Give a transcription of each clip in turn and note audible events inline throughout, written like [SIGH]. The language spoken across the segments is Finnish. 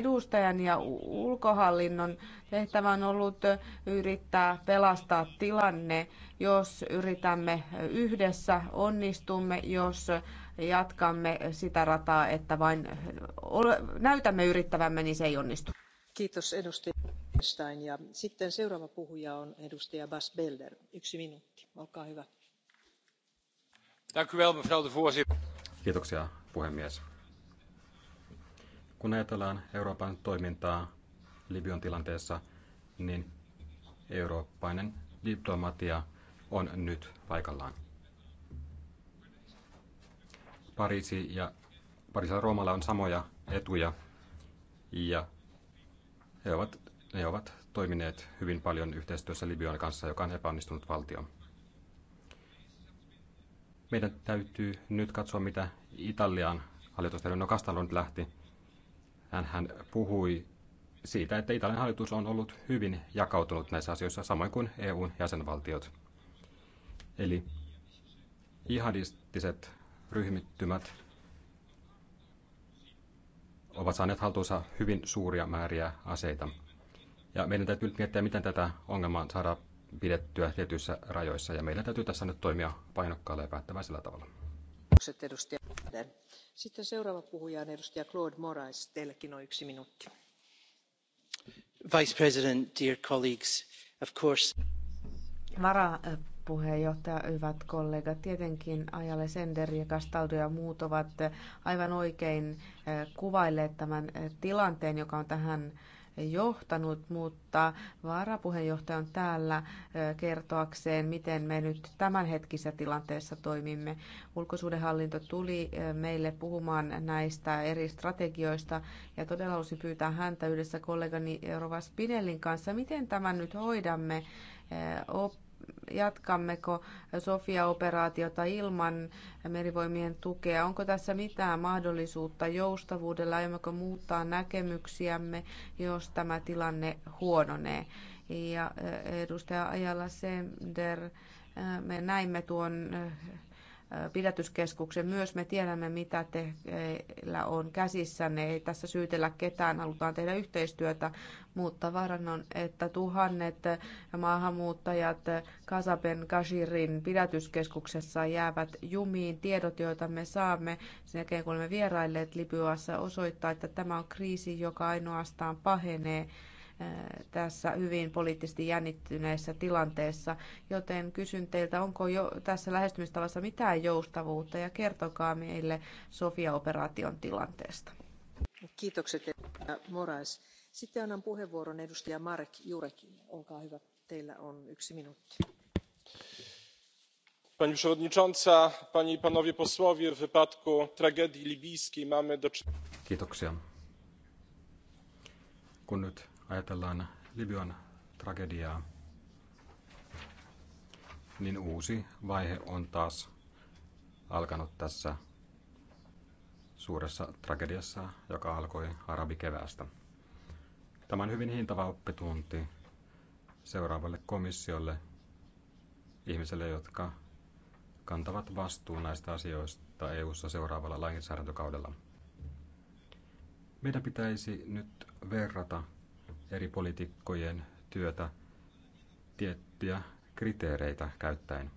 edustajan ja ulkohallinnon tehtävä on ollut yrittää pelastaa tilanne. Jos yritämme yhdessä, onnistumme, jos jatkamme sitä rataa, että vain näytämme yrittävämme, niin se ei onnistu. Kiitos edustaja Stein. Ja sitten seuraava puhuja on edustaja Bas Belder. Yksi minuutti, olkaa hyvä. Kiitoksia puhemies. Kun ajatellaan Euroopan toimintaa Libyan tilanteessa, niin eurooppainen diplomatia on nyt paikallaan. Pariisi ja ja Roomalla on samoja etuja ja he ovat, ne ovat toimineet hyvin paljon yhteistyössä Libyan kanssa, joka on epäonnistunut valtio. Meidän täytyy nyt katsoa, mitä Italian hallitus tehdä. No lähti, hän puhui siitä, että Italian hallitus on ollut hyvin jakautunut näissä asioissa, samoin kuin EUn jäsenvaltiot. Eli jihadistiset ryhmittymät ovat saaneet haltuunsa hyvin suuria määriä aseita. Ja meidän täytyy nyt miettiä, miten tätä ongelmaa saadaan pidettyä tietyissä rajoissa, ja meidän täytyy tässä nyt toimia painokkaalla ja päättäväisellä tavalla arvoisa puhemies Läden. Sitten seuraava puhuja on edustaja Claude Moraes. on yksi minuutti. Vice President, dear colleagues, of course. Vara, hyvät kollegat. Tietenkin Ajalle Sender ja Castaldo ja muut ovat aivan oikein eh, kuvailleet tämän eh, tilanteen, joka on tähän johtanut, mutta varapuheenjohtaja on täällä kertoakseen, miten me nyt tämänhetkisessä tilanteessa toimimme. Ulkosuudenhallinto tuli meille puhumaan näistä eri strategioista ja todella halusin pyytää häntä yhdessä kollegani Rova Spinellin kanssa, miten tämän nyt hoidamme jatkammeko Sofia-operaatiota ilman merivoimien tukea. Onko tässä mitään mahdollisuutta joustavuudella, aiommeko muuttaa näkemyksiämme, jos tämä tilanne huononee? Ja eh, edustaja Ajala Sender, eh, me näimme tuon eh, pidätyskeskuksen. Myös me tiedämme, mitä teillä on käsissänne. Ei tässä syytellä ketään, halutaan tehdä yhteistyötä, mutta varan on, että tuhannet maahanmuuttajat Kasapen Kashirin pidätyskeskuksessa jäävät jumiin. Tiedot, joita me saamme sen jälkeen, kun olemme vierailleet Libyassa, osoittaa, että tämä on kriisi, joka ainoastaan pahenee tässä hyvin poliittisesti jännittyneessä tilanteessa, joten kysyn teiltä, onko jo tässä lähestymistavassa mitään joustavuutta ja kertokaa meille Sofia-operaation tilanteesta. Kiitokset, Morais. Sitten annan puheenvuoron edustaja Marek Jurekin. Olkaa hyvä, teillä on yksi minuutti. Pani przewodnicząca, panie i panowie posłowie, w wypadku tragedii libijskiej mamy do czynienia. Kiitoksia. Kun nyt ajatellaan Libyan tragediaa, niin uusi vaihe on taas alkanut tässä suuressa tragediassa, joka alkoi arabikeväästä. Tämä on hyvin hintava oppitunti seuraavalle komissiolle, ihmisille, jotka kantavat vastuun näistä asioista EU-ssa seuraavalla lainsäädäntökaudella. Meidän pitäisi nyt verrata eri poliitikkojen työtä tiettyjä kriteereitä käyttäen.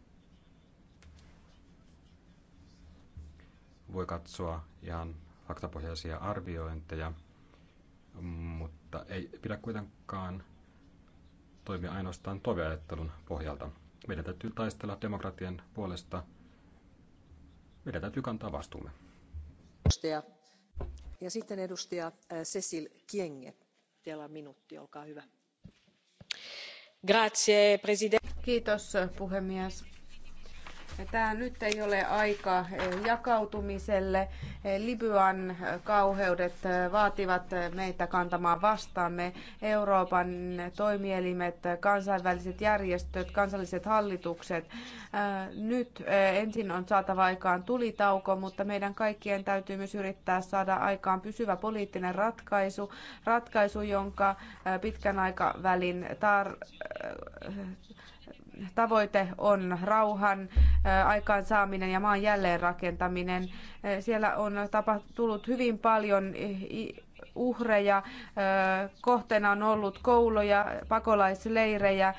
Voi katsoa ihan faktapohjaisia arviointeja, mutta ei pidä kuitenkaan toimia ainoastaan toiveajattelun pohjalta. Meidän täytyy taistella demokratian puolesta. Meidän täytyy kantaa vastuumme. Ja sitten edustaja Cecil Kienge arvoisa puhemies Tämä nyt ei ole aika eh, jakautumiselle. Eh, Libyan kauheudet eh, vaativat meitä kantamaan vastaamme. Euroopan toimielimet, kansainväliset järjestöt, kansalliset hallitukset. Nyt ensin on saatava aikaan tulitauko, mutta meidän kaikkien täytyy myös yrittää saada aikaan pysyvä poliittinen ratkaisu, ratkaisu jonka pitkän aikavälin tar- tavoite on rauhan aikaansaaminen ja maan jälleenrakentaminen. Siellä on tullut hyvin paljon uhreja, kohteena on ollut kouluja, pakolaisleirejä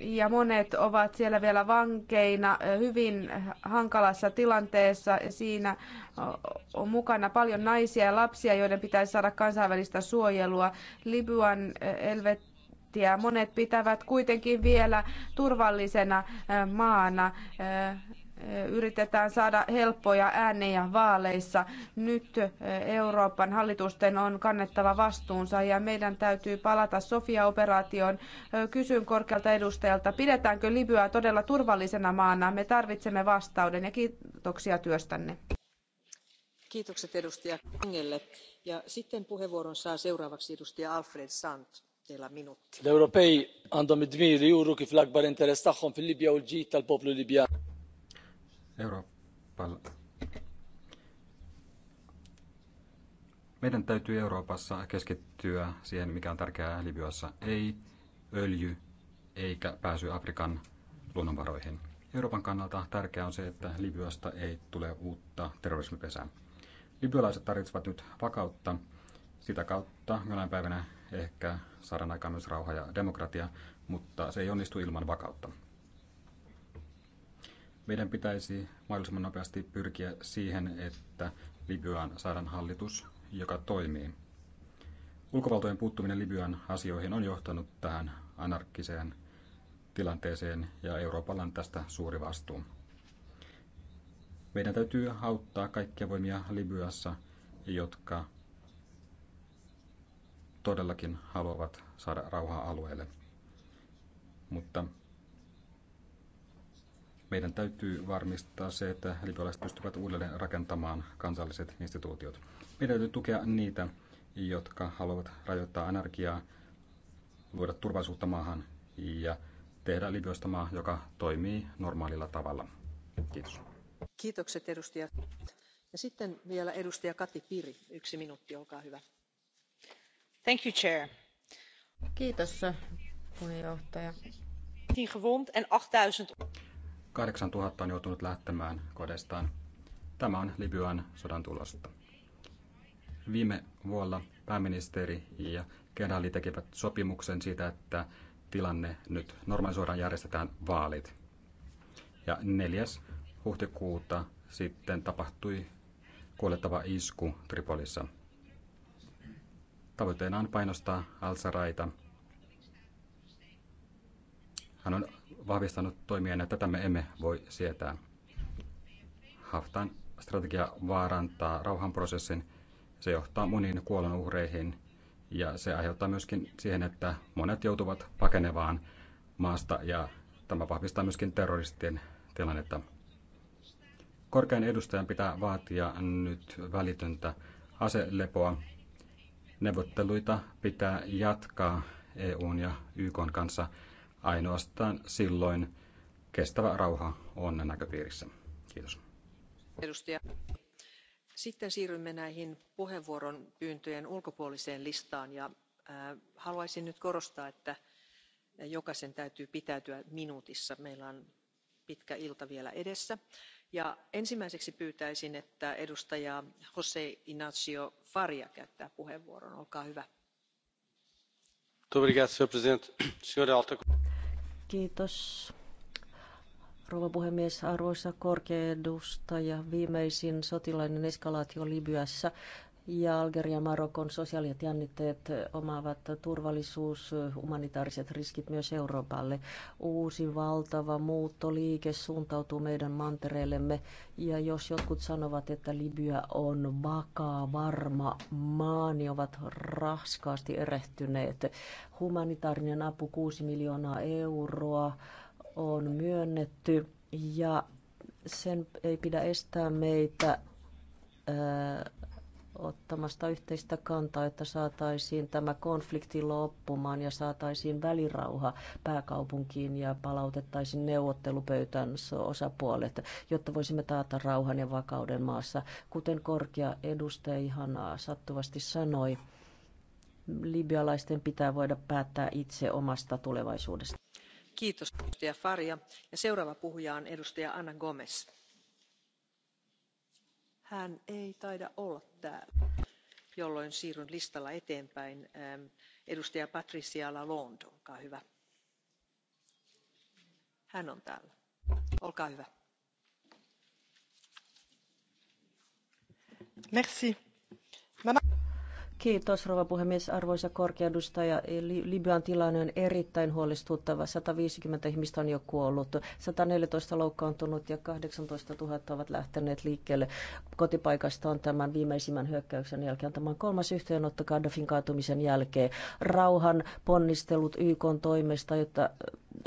ja monet ovat siellä vielä vankeina hyvin hankalassa tilanteessa. Siinä on mukana paljon naisia ja lapsia, joiden pitäisi saada kansainvälistä suojelua. Libyan elvet konfliktia. Monet pitävät kuitenkin vielä turvallisena maana yritetään saada helppoja ääniä vaaleissa. Nyt Euroopan hallitusten on kannettava vastuunsa ja meidän täytyy palata Sofia-operaatioon. Kysyn korkealta edustajalta, pidetäänkö Libyaa todella turvallisena maana? Me tarvitsemme vastauden ja kiitoksia työstänne. Kiitokset edustaja Ja sitten puheenvuoron saa seuraavaksi edustaja Alfred Sant l-ewropej għandhom id-dmir li juru kif l-akbar interess tagħhom fil-libja u l-ġid tal-poplu libjan meidän täytyy Euroopassa keskittyä siihen, mikä on tärkeää Libyassa. Ei öljy eikä pääsy Afrikan luonnonvaroihin. Euroopan kannalta tärkeää on se, että Libyasta ei tule uutta terrorismipesää. Libyalaiset tarvitsevat nyt vakautta. Sitä kautta jonain päivänä ehkä saadaan aikaan myös rauha ja demokratia, mutta se ei onnistu ilman vakautta. Meidän pitäisi mahdollisimman nopeasti pyrkiä siihen, että Libyaan saadaan hallitus, joka toimii. Ulkovaltojen puuttuminen Libyan asioihin on johtanut tähän anarkkiseen tilanteeseen ja Euroopalla on tästä suuri vastuu. Meidän täytyy auttaa kaikkia voimia Libyassa, jotka todellakin haluavat saada rauhaa alueelle. Mutta meidän täytyy varmistaa se, että libyalaiset pystyvät uudelleen rakentamaan kansalliset instituutiot. Meidän täytyy tukea niitä, jotka haluavat rajoittaa anarkiaa, luoda turvallisuutta maahan ja tehdä Libyasta maa, joka toimii normaalilla tavalla. Kiitos. Kiitokset edustajat. Ja sitten vielä edustaja Kati Piri, yksi minuutti, olkaa hyvä arvoisa puhemies kahdeksan tuhatta on joutunut lähtemään kodeistaan. Tämä on Libyan sodan tulosta. Viime vuonna pääministeri ja kenraali tekivät sopimuksen siitä, että tilanne nyt normalisoidaan järjestetään vaalit. Ja 4. huhtikuuta sitten tapahtui kuolettava isku Tripolissa. Tavoitteena on painostaa Al-Saraita. Hän on vahvistanut toimien että tätä me emme voi sietää. Haftan strategia vaarantaa rauhanprosessin. Se johtaa moniin kuolonuhreihin ja se aiheuttaa myöskin siihen, että monet joutuvat pakenevaan maasta ja tämä vahvistaa myöskin terroristien tilannetta. Korkean edustajan pitää vaatia nyt välitöntä aselepoa Neuvotteluita pitää jatkaa EUn ja YKn kanssa ainoastaan silloin kestävä rauha on näköpiirissä. Kiitos. Edustaja. Sitten siirrymme näihin puheenvuoron pyyntöjen ulkopuoliseen listaan ja äh, haluaisin nyt korostaa, että jokaisen täytyy pitäytyä minuutissa. Meillä on pitkä ilta vielä edessä ja ensimmäiseksi pyytäisin että edustaja jos ignacio faria käyttää puheenvuoron. olkaa hyvä. Kiitos. Rouva puhemies, arvoisa korkea edustaja, viimeisin sotilainen eskalaatio Libyassa ja Algeria ja Marokon sosiaaliset jännitteet omaavat turvallisuus, humanitaariset riskit myös Euroopalle. Uusi valtava muuttoliike suuntautuu meidän mantereellemme ja jos jotkut sanovat, että Libya on vakaa, varma maa, niin ovat raskaasti erehtyneet. Humanitaarinen apu 6 miljoonaa euroa on myönnetty ja sen ei pidä estää meitä ottamasta yhteistä kantaa, että saataisiin tämä konflikti loppumaan ja saataisiin välirauha pääkaupunkiin ja palautettaisiin neuvottelupöytän osapuolet, jotta voisimme taata rauhan ja vakauden maassa. Kuten korkea edustaja ihan sattuvasti sanoi, libyalaisten pitää voida päättää itse omasta tulevaisuudesta. Kiitos, edustaja Faria. Ja seuraava puhuja on edustaja Anna Gomes hän ei taida olla täällä jolloin siirryn listalla eteenpäin. Ähm, edustaja patricia lalonde olkaa hyvä. hän on täällä. olkaa hyvä. Merci. Kiitos, rouva puhemies. Arvoisa korkeadustaja. Libyan tilanne on erittäin huolestuttava. 150 ihmistä on jo kuollut, 114 loukkaantunut ja 18 000 ovat lähteneet liikkeelle kotipaikastaan tämän viimeisimmän hyökkäyksen jälkeen. Tämä on kolmas yhteenotto Gaddafin kaatumisen jälkeen. Rauhan ponnistelut YK toimesta, jotta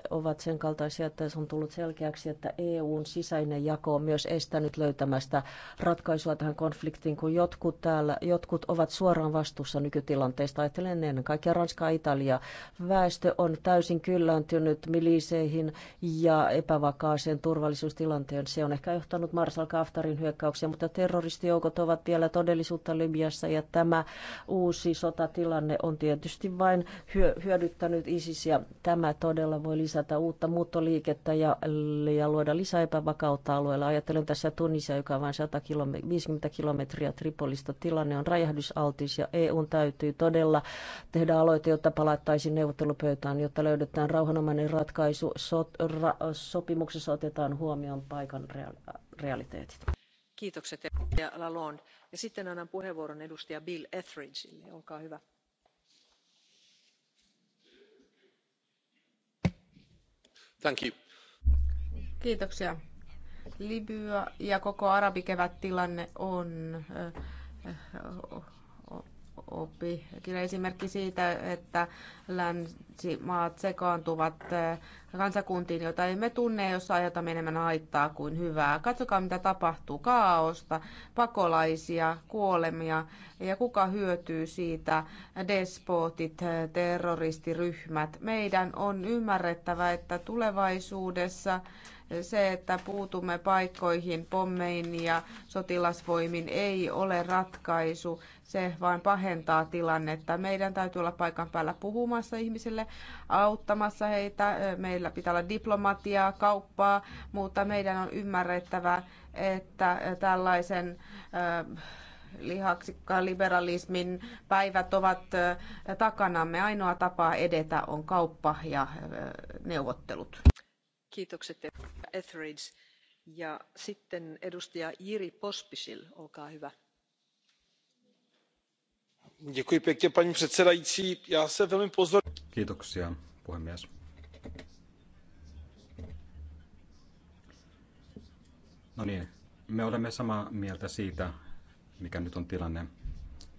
ovat sen kaltaisia, että se on tullut selkeäksi, että EUn sisäinen jako on myös estänyt löytämästä ratkaisua tähän konfliktiin, kun jotkut, täällä, jotkut ovat suoraan vastuussa nykytilanteesta. Ajattelen ennen kaikkea Ranska ja Italia. Väestö on täysin kyllääntynyt miliseihin ja epävakaaseen turvallisuustilanteen. Se on ehkä johtanut Marsal Kaftarin hyökkäyksiä, mutta terroristijoukot ovat vielä todellisuutta Libyassa ja tämä uusi sotatilanne on tietysti vain hyödyttänyt ISISiä. tämä todella voi lisätä uutta muuttoliikettä ja, ja luoda lisää epävakautta alueella. Ajattelen tässä Tunisia, joka on vain 100 km, 50 kilometriä Tripolista. Tilanne on räjähdysaltis ja EUn täytyy todella tehdä aloite, jotta palattaisiin neuvottelupöytään, jotta löydetään rauhanomainen ratkaisu. Sot, ra, sopimuksessa otetaan huomioon paikan real- realiteetit. Kiitokset ja Lalonde. Ja sitten annan puheenvuoron edustaja Bill Etheridgeille. Olkaa hyvä. Kiitoksia. Libya ja koko arabikevät tilanne on äh, äh, oppi. Kyllä esimerkki siitä, että länsimaat sekaantuvat eh, kansakuntiin, joita emme tunne, jossa ajatamme menemään haittaa kuin hyvää. Katsokaa, mitä tapahtuu. Kaaosta, pakolaisia, kuolemia ja kuka hyötyy siitä, despotit, eh, terroristiryhmät. Meidän on ymmärrettävä, että tulevaisuudessa se, että puutumme paikkoihin pommein ja sotilasvoimin ei ole ratkaisu. Se vain pahentaa tilannetta. Meidän täytyy olla paikan päällä puhumassa ihmisille, auttamassa heitä. Meillä pitää olla diplomatiaa, kauppaa, mutta meidän on ymmärrettävä, että tällaisen äh, lihaksikkaan liberalismin päivät ovat äh, takanamme. Ainoa tapa edetä on kauppa ja äh, neuvottelut kiitokset etheridge ja sitten edustaja hyvä. paní předsedající já jsem velmi pozorně. puhemies. No niin, me olemme samaa mieltä siitä, mikä nyt on tilanne.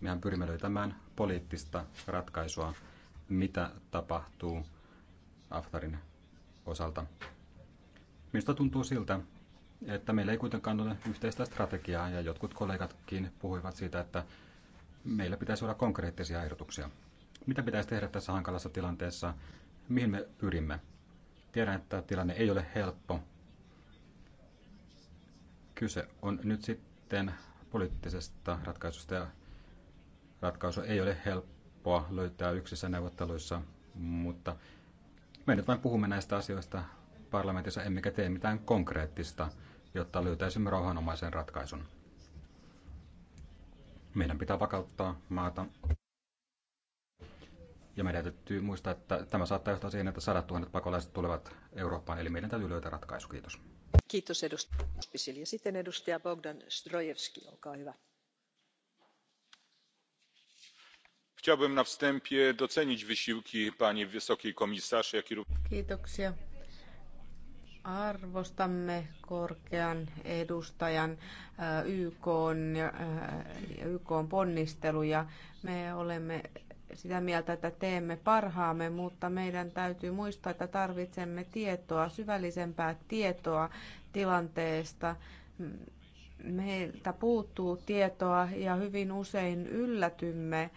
Mehän pyrimme löytämään poliittista ratkaisua, mitä tapahtuu Aftarin osalta. Minusta tuntuu siltä, että meillä ei kuitenkaan ole yhteistä strategiaa ja jotkut kollegatkin puhuivat siitä, että meillä pitäisi olla konkreettisia ehdotuksia. Mitä pitäisi tehdä tässä hankalassa tilanteessa? Mihin me pyrimme? Tiedän, että tilanne ei ole helppo. Kyse on nyt sitten poliittisesta ratkaisusta ja ratkaisu ei ole helppoa löytää yksissä neuvotteluissa, mutta me nyt vain puhumme näistä asioista parlamentissa emmekä tee mitään konkreettista, jotta löytäisimme rauhanomaisen ratkaisun. Meidän pitää vakauttaa maata. Ja meidän täytyy muistaa, että tämä saattaa johtaa siihen, että sadat tuhannet pakolaiset tulevat Eurooppaan, eli meidän täytyy löytää ratkaisu. Kiitos. Kiitos edustaja Spisil. Ja sitten edustaja Bogdan Strojevski olkaa hyvä. Chciałbym na wstępie docenić wysiłki pani wysokiej komisarz, jak i Kiitoksia Arvostamme korkean edustajan äh, YK, äh, YK ponnisteluja. Me olemme sitä mieltä, että teemme parhaamme, mutta meidän täytyy muistaa, että tarvitsemme tietoa, syvällisempää tietoa tilanteesta. Meiltä puuttuu tietoa ja hyvin usein yllätymme,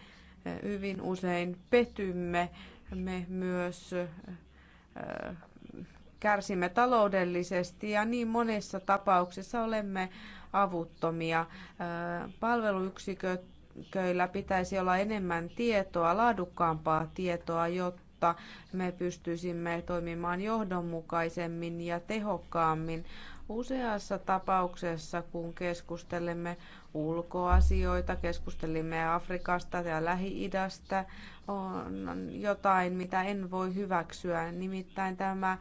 hyvin usein petymme. Me myös äh, kärsimme taloudellisesti ja niin monessa tapauksessa olemme avuttomia. Palveluyksiköillä pitäisi olla enemmän tietoa, laadukkaampaa tietoa, jotta me pystyisimme toimimaan johdonmukaisemmin ja tehokkaammin. Useassa tapauksessa, kun keskustelemme ulkoasioita, keskustelimme Afrikasta ja Lähi-idästä, on jotain, mitä en voi hyväksyä. Nimittäin tämä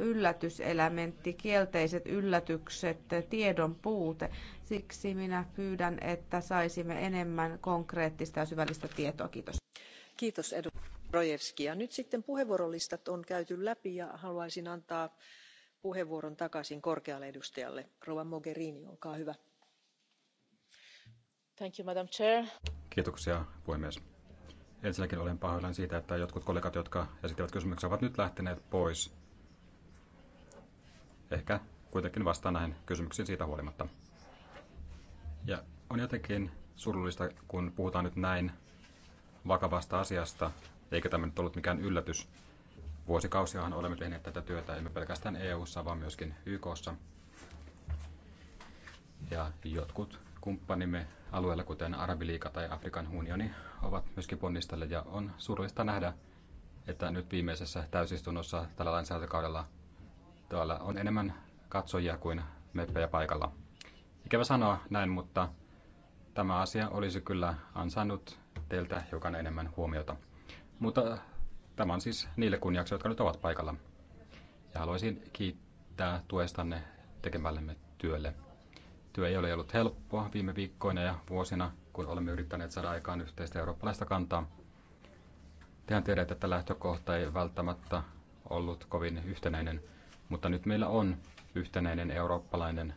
yllätyselementti, kielteiset yllätykset, tiedon puute. Siksi minä pyydän, että saisimme enemmän konkreettista ja syvällistä tietoa. Kiitos. Kiitos edustaja Nyt sitten puheenvuorolistat on käyty läpi ja haluaisin antaa puheenvuoron takaisin korkealle edustajalle. Rova Mogherini, olkaa hyvä. Thank you, Madam Chair. Kiitoksia, puhemies. Ensinnäkin olen pahoillani siitä, että jotkut kollegat, jotka esittävät kysymyksiä, ovat nyt lähteneet pois Ehkä kuitenkin vastaan näihin kysymyksiin siitä huolimatta. Ja on jotenkin surullista, kun puhutaan nyt näin vakavasta asiasta, eikä tämä nyt ollut mikään yllätys. Vuosikausiahan olemme tehneet tätä työtä, emme pelkästään EU-ssa, vaan myöskin YKssa. Ja jotkut kumppanimme alueella, kuten Arabiliika tai Afrikan unioni, ovat myöskin ponnistelleet ja on surullista nähdä, että nyt viimeisessä täysistunnossa tällä lainsäädäntökaudella Täällä on enemmän katsojia kuin meppejä paikalla. Ikävä sanoa näin, mutta tämä asia olisi kyllä ansainnut teiltä hiukan enemmän huomiota. Mutta tämä on siis niille kunniaksi, jotka nyt ovat paikalla. Ja haluaisin kiittää tuestanne tekemällemme työlle. Työ ei ole ollut helppoa viime viikkoina ja vuosina, kun olemme yrittäneet saada aikaan yhteistä eurooppalaista kantaa. Tehän tiedätte, että lähtökohta ei välttämättä ollut kovin yhtenäinen – mutta nyt meillä on yhtenäinen eurooppalainen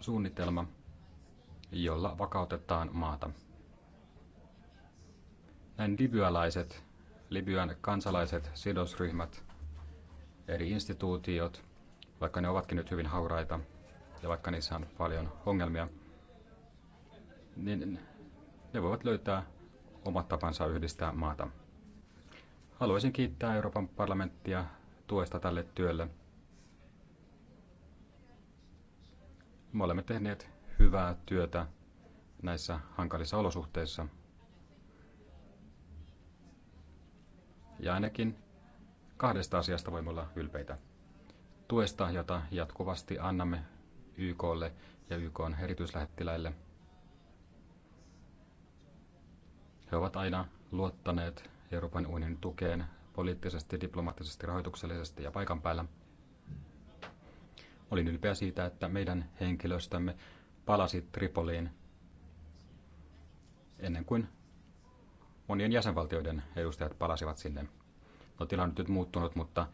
suunnitelma, jolla vakautetaan maata. Näin libyalaiset, Libyan kansalaiset, sidosryhmät, eri instituutiot, vaikka ne ovatkin nyt hyvin hauraita ja vaikka niissä on paljon ongelmia, niin ne voivat löytää omat tapansa yhdistää maata. Haluaisin kiittää Euroopan parlamenttia tuesta tälle työlle. Me olemme tehneet hyvää työtä näissä hankalissa olosuhteissa. Ja ainakin kahdesta asiasta voimme olla ylpeitä. Tuesta, jota jatkuvasti annamme YKlle ja YKn erityislähettiläille. He ovat aina luottaneet Euroopan unionin tukeen poliittisesti, diplomaattisesti, rahoituksellisesti ja paikan päällä. Olin ylpeä siitä, että meidän henkilöstömme palasi Tripoliin ennen kuin monien jäsenvaltioiden edustajat palasivat sinne. No, tilanne on nyt muuttunut, mutta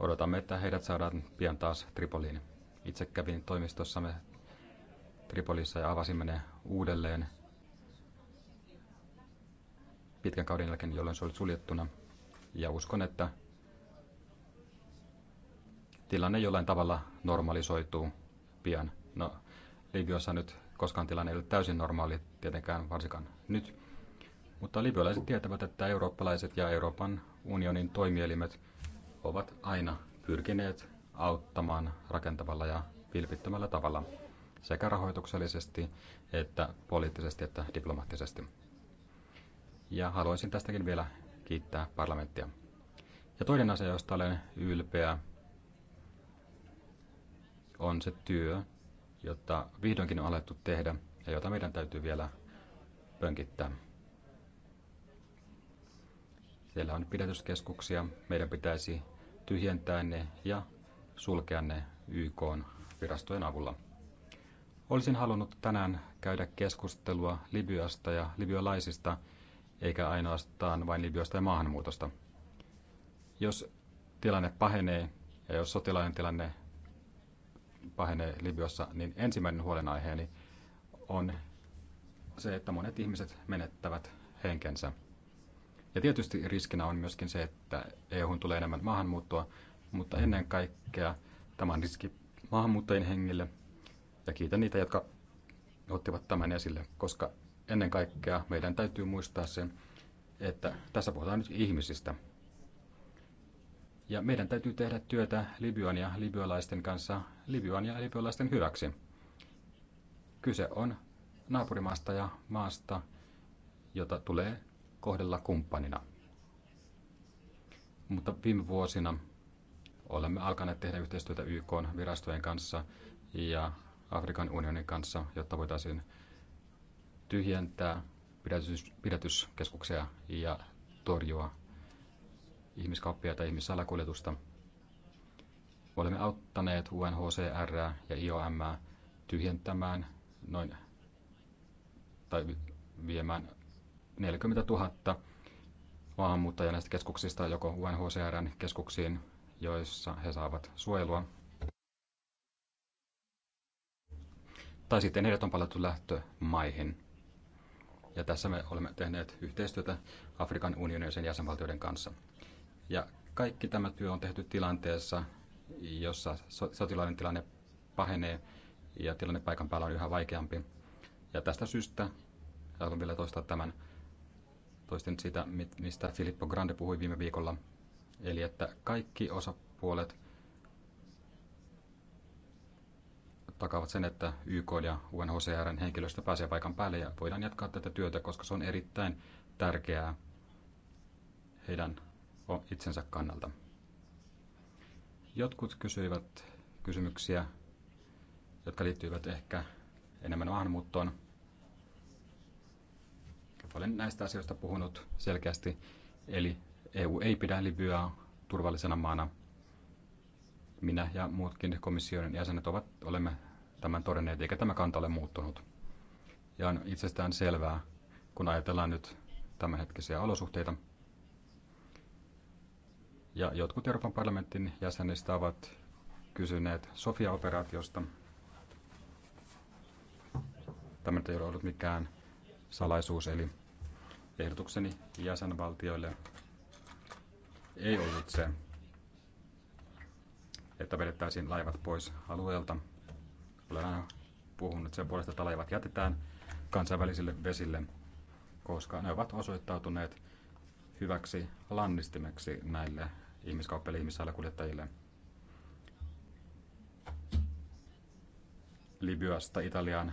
odotamme, että heidät saadaan pian taas Tripoliin. Itse kävin toimistossamme Tripolissa ja avasimme ne uudelleen pitkän kauden jälkeen, jolloin se oli suljettuna. Ja uskon, että tilanne jollain tavalla normalisoituu pian. No, Libyassa nyt koskaan tilanne ei ole täysin normaali, tietenkään varsinkaan nyt. Mutta libyalaiset tietävät, että eurooppalaiset ja Euroopan unionin toimielimet ovat aina pyrkineet auttamaan rakentavalla ja vilpittömällä tavalla sekä rahoituksellisesti että poliittisesti että diplomaattisesti. Ja haluaisin tästäkin vielä kiittää parlamenttia. Ja toinen asia, josta olen ylpeä, on se työ, jota vihdoinkin on alettu tehdä ja jota meidän täytyy vielä pönkittää. Siellä on pidätyskeskuksia, meidän pitäisi tyhjentää ne ja sulkea ne YK virastojen avulla. Olisin halunnut tänään käydä keskustelua Libyasta ja libyalaisista – eikä ainoastaan vain Libyasta ja maahanmuutosta. Jos tilanne pahenee ja jos sotilainen tilanne pahenee Libyassa, niin ensimmäinen huolenaiheeni on se, että monet ihmiset menettävät henkensä. Ja tietysti riskinä on myöskin se, että EUhun tulee enemmän maahanmuuttoa, mutta ennen kaikkea tämä on riski maahanmuuttajien hengille. Ja kiitän niitä, jotka ottivat tämän esille, koska ennen kaikkea meidän täytyy muistaa se, että tässä puhutaan nyt ihmisistä. Ja meidän täytyy tehdä työtä Libyan ja libyalaisten kanssa Libyan ja libyalaisten hyväksi. Kyse on naapurimaasta ja maasta, jota tulee kohdella kumppanina. Mutta viime vuosina olemme alkaneet tehdä yhteistyötä YK virastojen kanssa ja Afrikan unionin kanssa, jotta voitaisiin tyhjentää pidätyskeskuksia ja torjua ihmiskauppia tai ihmissalakuljetusta. Olemme auttaneet UNHCR ja IOM tyhjentämään noin tai viemään 40 000 maahanmuuttajia näistä keskuksista joko UNHCRn keskuksiin, joissa he saavat suojelua, tai sitten heidät on palattu lähtömaihin. Ja tässä me olemme tehneet yhteistyötä Afrikan unionin ja sen jäsenvaltioiden kanssa. Ja kaikki tämä työ on tehty tilanteessa, jossa sotilaiden tilanne pahenee ja tilanne paikan päällä on yhä vaikeampi. Ja tästä syystä, haluan vielä toistaa tämän, toisten sitä, mistä Filippo Grande puhui viime viikolla, eli että kaikki osapuolet takaavat sen, että YK ja UNHCRn henkilöstö pääsee paikan päälle ja voidaan jatkaa tätä työtä, koska se on erittäin tärkeää heidän itsensä kannalta. Jotkut kysyivät kysymyksiä, jotka liittyivät ehkä enemmän maahanmuuttoon. Olen näistä asioista puhunut selkeästi, eli EU ei pidä Libyaa turvallisena maana minä ja muutkin komission jäsenet ovat, olemme tämän todenneet, eikä tämä kanta ole muuttunut. Ja on itsestään selvää, kun ajatellaan nyt tämänhetkisiä olosuhteita. Ja jotkut Euroopan parlamentin jäsenistä ovat kysyneet Sofia-operaatiosta. Tämä ei ole ollut mikään salaisuus, eli ehdotukseni jäsenvaltioille ei ollut se, että vedettäisiin laivat pois alueelta olen puhunut sen puolesta, että laivat jätetään kansainvälisille vesille, koska ne ovat osoittautuneet hyväksi lannistimeksi näille ihmiskauppeille kuljettajille Libyasta Italiaan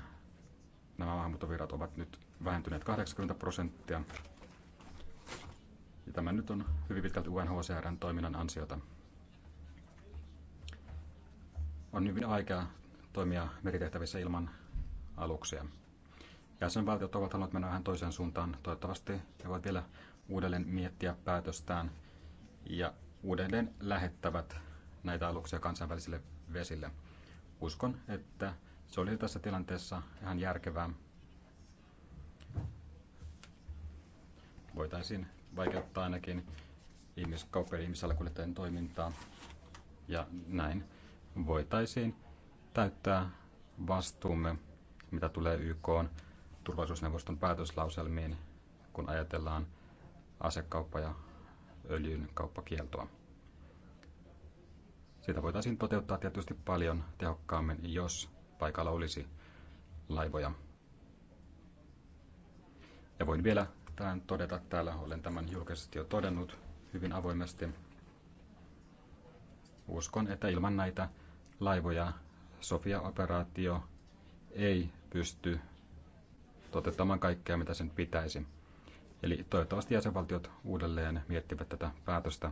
nämä maahanmuuttovirrat ovat nyt vähentyneet 80 prosenttia. Ja tämä nyt on hyvin pitkälti UNHCRn toiminnan ansiota. On hyvin aikaa toimia meritehtävissä ilman aluksia. Jäsenvaltiot ovat halunneet mennä vähän toiseen suuntaan. Toivottavasti he voivat vielä uudelleen miettiä päätöstään ja uudelleen lähettävät näitä aluksia kansainvälisille vesille. Uskon, että se oli tässä tilanteessa ihan järkevää. Voitaisiin vaikeuttaa ainakin ihmiskauppojen ihmisalakuljettajien toimintaa ja näin voitaisiin täyttää vastuumme, mitä tulee YK turvallisuusneuvoston päätöslauselmiin, kun ajatellaan asekauppa- ja öljyn kauppakieltoa. Sitä voitaisiin toteuttaa tietysti paljon tehokkaammin, jos paikalla olisi laivoja. Ja voin vielä tämän todeta täällä, olen tämän julkisesti jo todennut hyvin avoimesti. Uskon, että ilman näitä laivoja Sofia-operaatio ei pysty toteuttamaan kaikkea, mitä sen pitäisi. Eli toivottavasti jäsenvaltiot uudelleen miettivät tätä päätöstä.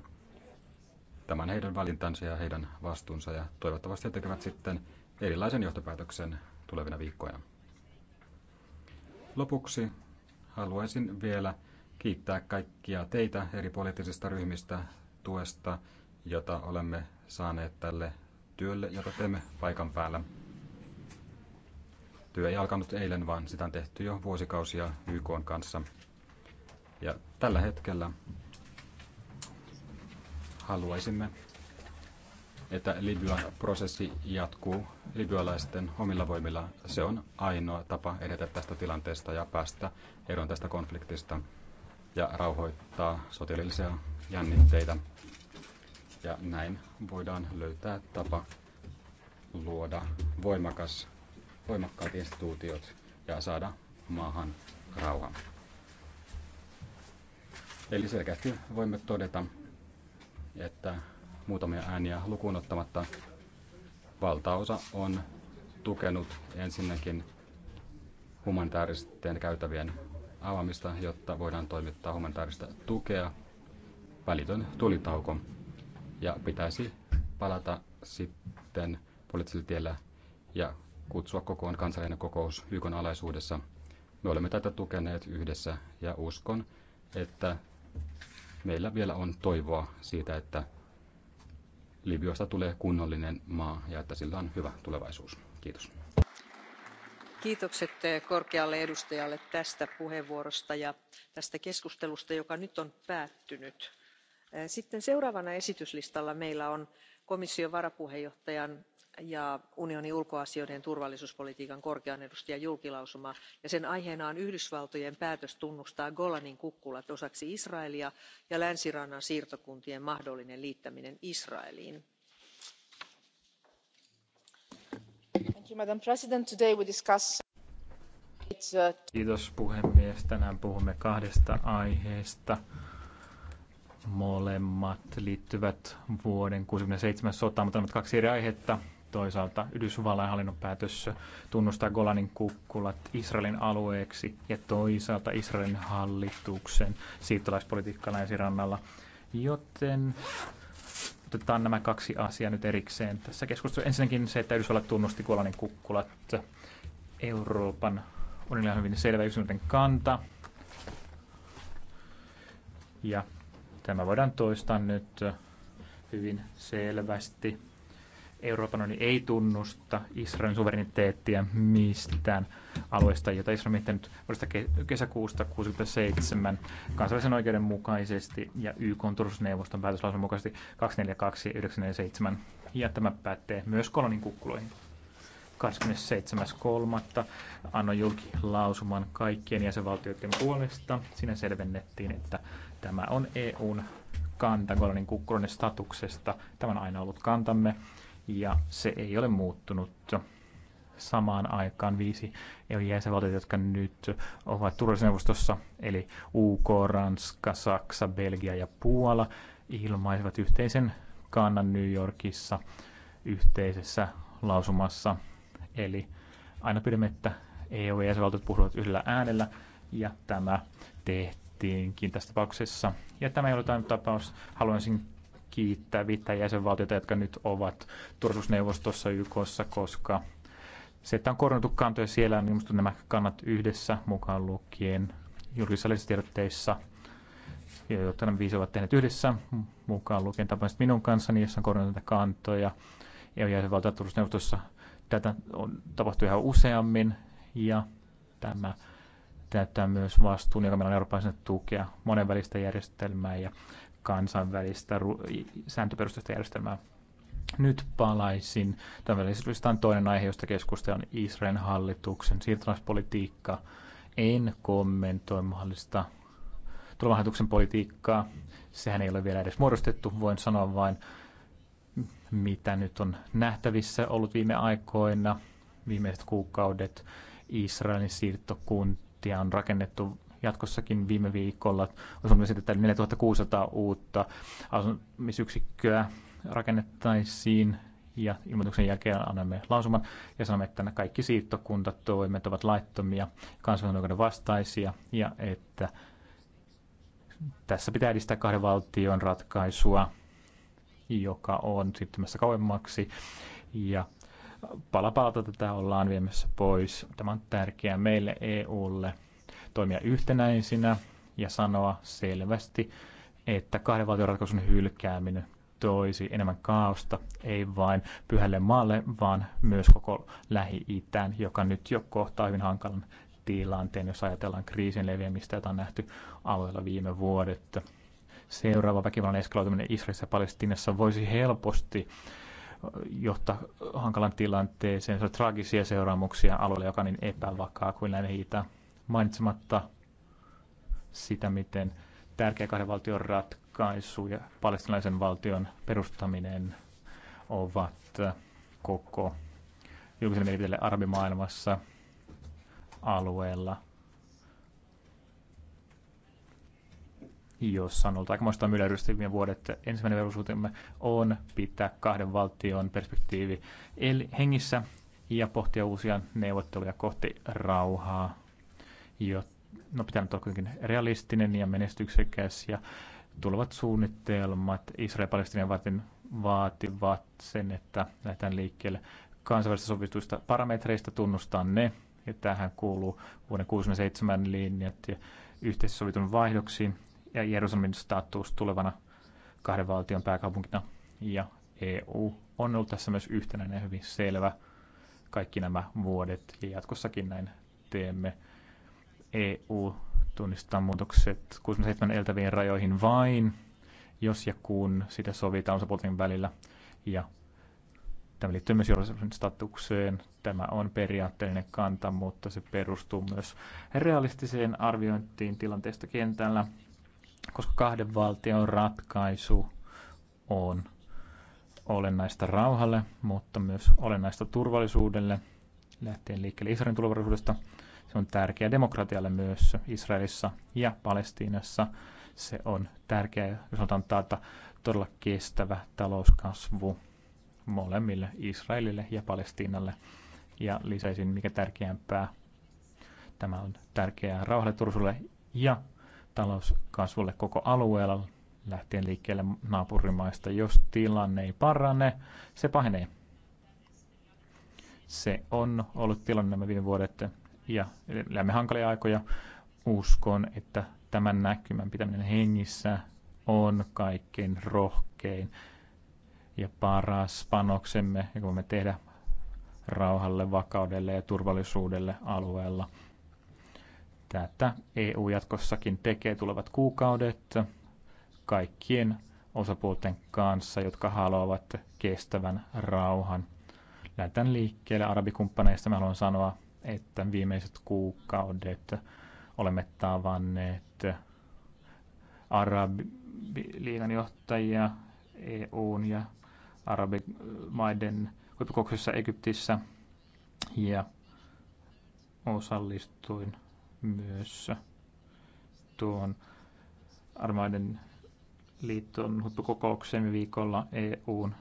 tämän heidän valintansa ja heidän vastuunsa ja toivottavasti he tekevät sitten erilaisen johtopäätöksen tulevina viikkoina. Lopuksi haluaisin vielä kiittää kaikkia teitä eri poliittisista ryhmistä tuesta, jota olemme saaneet tälle työlle, jota teemme paikan päällä. Työ ei alkanut eilen, vaan sitä on tehty jo vuosikausia YK kanssa. Ja tällä hetkellä haluaisimme, että Libyan prosessi jatkuu libyalaisten omilla voimilla. Se on ainoa tapa edetä tästä tilanteesta ja päästä eroon tästä konfliktista ja rauhoittaa sotilaallisia jännitteitä. Ja näin voidaan löytää tapa luoda voimakas, voimakkaat instituutiot ja saada maahan rauha. Eli selkeästi voimme todeta, että muutamia ääniä lukuun ottamatta valtaosa on tukenut ensinnäkin humanitaaristen käytävien avaamista, jotta voidaan toimittaa humanitaarista tukea, välitön tulitauko ja pitäisi palata sitten poliittisella tiellä ja kutsua kokoon kansallinen kokous YKn alaisuudessa. Me olemme tätä tukeneet yhdessä ja uskon, että meillä vielä on toivoa siitä, että Libyasta tulee kunnollinen maa ja että sillä on hyvä tulevaisuus. Kiitos. Kiitokset eh, korkealle edustajalle tästä puheenvuorosta ja tästä keskustelusta, joka nyt on päättynyt sitten seuraavana esityslistalla meillä on komission varapuheenjohtajan ja unionin ulkoasioiden ja turvallisuuspolitiikan korkean edustajan julkilausuma ja sen aiheena on yhdysvaltojen päätös tunnustaa golanin kukkulat osaksi israelia ja länsirannan siirtokuntien mahdollinen liittäminen israeliin. arvoisa president puhemies. Tänään puhumme kahdesta aiheesta. Molemmat liittyvät vuoden 67 sotaan, mutta nämä kaksi eri aihetta. Toisaalta Yhdysvaltain hallinnon päätös tunnustaa Golanin kukkulat Israelin alueeksi ja toisaalta Israelin hallituksen siirtolaispolitiikka länsirannalla. Joten otetaan nämä kaksi asiaa nyt erikseen tässä keskustelussa. Ensinnäkin se, että Yhdysvallat tunnusti Golanin kukkulat Euroopan on hyvin selvä yksilöiden kanta. Ja Tämä voidaan toistaa nyt hyvin selvästi. Euroopan unioni ei tunnusta Israelin suvereniteettia mistään alueesta, jota Israel on miettinyt vuodesta kesäkuusta 67 kansallisen oikeuden mukaisesti ja YK turvallisuusneuvoston päätöslausun mukaisesti 242 ja Ja tämä päättee myös kolonin kukkuloihin. 27.3. annoi julkilausuman kaikkien jäsenvaltioiden puolesta. Siinä selvennettiin, että Tämä on EUn kanta Golanin kukkulonen statuksesta. Tämä on aina ollut kantamme ja se ei ole muuttunut. Samaan aikaan viisi EUn jäsenvaltiota jotka nyt ovat turvallisuusneuvostossa, eli UK, Ranska, Saksa, Belgia ja Puola, ilmaisivat yhteisen kannan New Yorkissa yhteisessä lausumassa. Eli aina pidämme, että EU- jäsenvaltiot puhuvat yhdellä äänellä, ja tämä tehtiin tehtiinkin tässä tapauksessa. Ja tämä ei ole jotain tapaus. Haluaisin kiittää viittää jäsenvaltioita, jotka nyt ovat turvallisuusneuvostossa YKssa, koska se, että on koronatu kantoja siellä, on ilmestynyt nämä kannat yhdessä mukaan lukien julkisissa tiedotteissa, jotta nämä viisi ovat tehneet yhdessä mukaan lukien tapaiset minun kanssani, jossa on koronatu kantoja. Ja jäsenvaltioiden turvallisuusneuvostossa tätä on, tapahtuu ihan useammin ja tämä täyttää myös vastuun, joka meillä on eurooppalaisena tukea monenvälistä järjestelmää ja kansainvälistä sääntöperusteista järjestelmää. Nyt palaisin. Tämä on toinen aihe, josta keskustellaan Israelin hallituksen siirtolaispolitiikka. En kommentoi mahdollista tulevan politiikkaa. Sehän ei ole vielä edes muodostettu. Voin sanoa vain, mitä nyt on nähtävissä ollut viime aikoina, viimeiset kuukaudet. Israelin siirtokunta prosenttia on rakennettu jatkossakin viime viikolla. On myös, että 4600 uutta asumisyksikköä rakennettaisiin ja ilmoituksen jälkeen annamme lausuman ja sanomme, että kaikki siirtokuntatoimet ovat laittomia, kansainvälisen vastaisia ja että tässä pitää edistää kahden valtion ratkaisua, joka on siirtymässä kauemmaksi ja palapalta tätä ollaan viemässä pois. Tämä on tärkeää meille EUlle toimia yhtenäisinä ja sanoa selvästi, että kahden valtion hylkääminen toisi enemmän kaaosta, ei vain pyhälle maalle, vaan myös koko Lähi-Itään, joka nyt jo kohtaa hyvin hankalan tilanteen, jos ajatellaan kriisin leviämistä, jota on nähty alueella viime vuodet. Seuraava väkivallan eskaloituminen Israelissa ja Palestiinassa voisi helposti johtaa hankalan tilanteeseen. Se on tragisia seuraamuksia alueella, joka on niin epävakaa kuin Lähi-Itä. Mainitsematta sitä, miten tärkeä kahden valtion ratkaisu ja palestinaisen valtion perustaminen ovat koko julkisen mielipiteelle arabimaailmassa alueella – jossa on ollut aikamoista myllerrystä viime vuodet. Ensimmäinen velvollisuutemme on pitää kahden valtion perspektiivi eli hengissä ja pohtia uusia neuvotteluja kohti rauhaa. Jo, no pitää nyt olla kuitenkin realistinen ja menestyksekäs ja tulevat suunnitelmat Israel Palestinian varten vaativat sen, että lähdetään liikkeelle kansainvälisistä sovituista parametreista, tunnustaa ne, ja tähän kuuluu vuoden 67 linjat ja yhteisesti sovitun vaihdoksi ja Jerusalemin status tulevana kahden valtion pääkaupunkina. Ja EU on ollut tässä myös yhtenäinen ja hyvin selvä kaikki nämä vuodet ja jatkossakin näin teemme. EU tunnistaa muutokset 67 eltäviin rajoihin vain, jos ja kun sitä sovitaan osapuolten välillä. Ja tämä liittyy myös Jerusalemin statukseen. Tämä on periaatteellinen kanta, mutta se perustuu myös realistiseen arviointiin tilanteesta kentällä koska kahden valtion ratkaisu on olennaista rauhalle, mutta myös olennaista turvallisuudelle, lähtien liikkeelle Israelin turvallisuudesta. Se on tärkeä demokratialle myös Israelissa ja Palestiinassa. Se on tärkeä, jos sanotaan taata todella kestävä talouskasvu molemmille, Israelille ja Palestiinalle. Ja lisäisin, mikä tärkeämpää, tämä on tärkeää rauhalle, turvallisuudelle ja talouskasvulle koko alueella lähtien liikkeelle naapurimaista. Jos tilanne ei parane, se pahenee. Se on ollut tilanne nämä viime vuodet ja elämme hankalia aikoja. Uskon, että tämän näkymän pitäminen hengissä on kaikkein rohkein ja paras panoksemme, kun me tehdä rauhalle, vakaudelle ja turvallisuudelle alueella. Tätä EU jatkossakin tekee tulevat kuukaudet kaikkien osapuolten kanssa, jotka haluavat kestävän rauhan. Lähdetään liikkeelle arabikumppaneista. Mä haluan sanoa, että viimeiset kuukaudet olemme tavanneet Arabiliigan johtajia EUn ja arabimaiden huippukokouksessa Egyptissä ja osallistuin myös tuohon armaiden liittoon huippukokoukseen viikolla EUn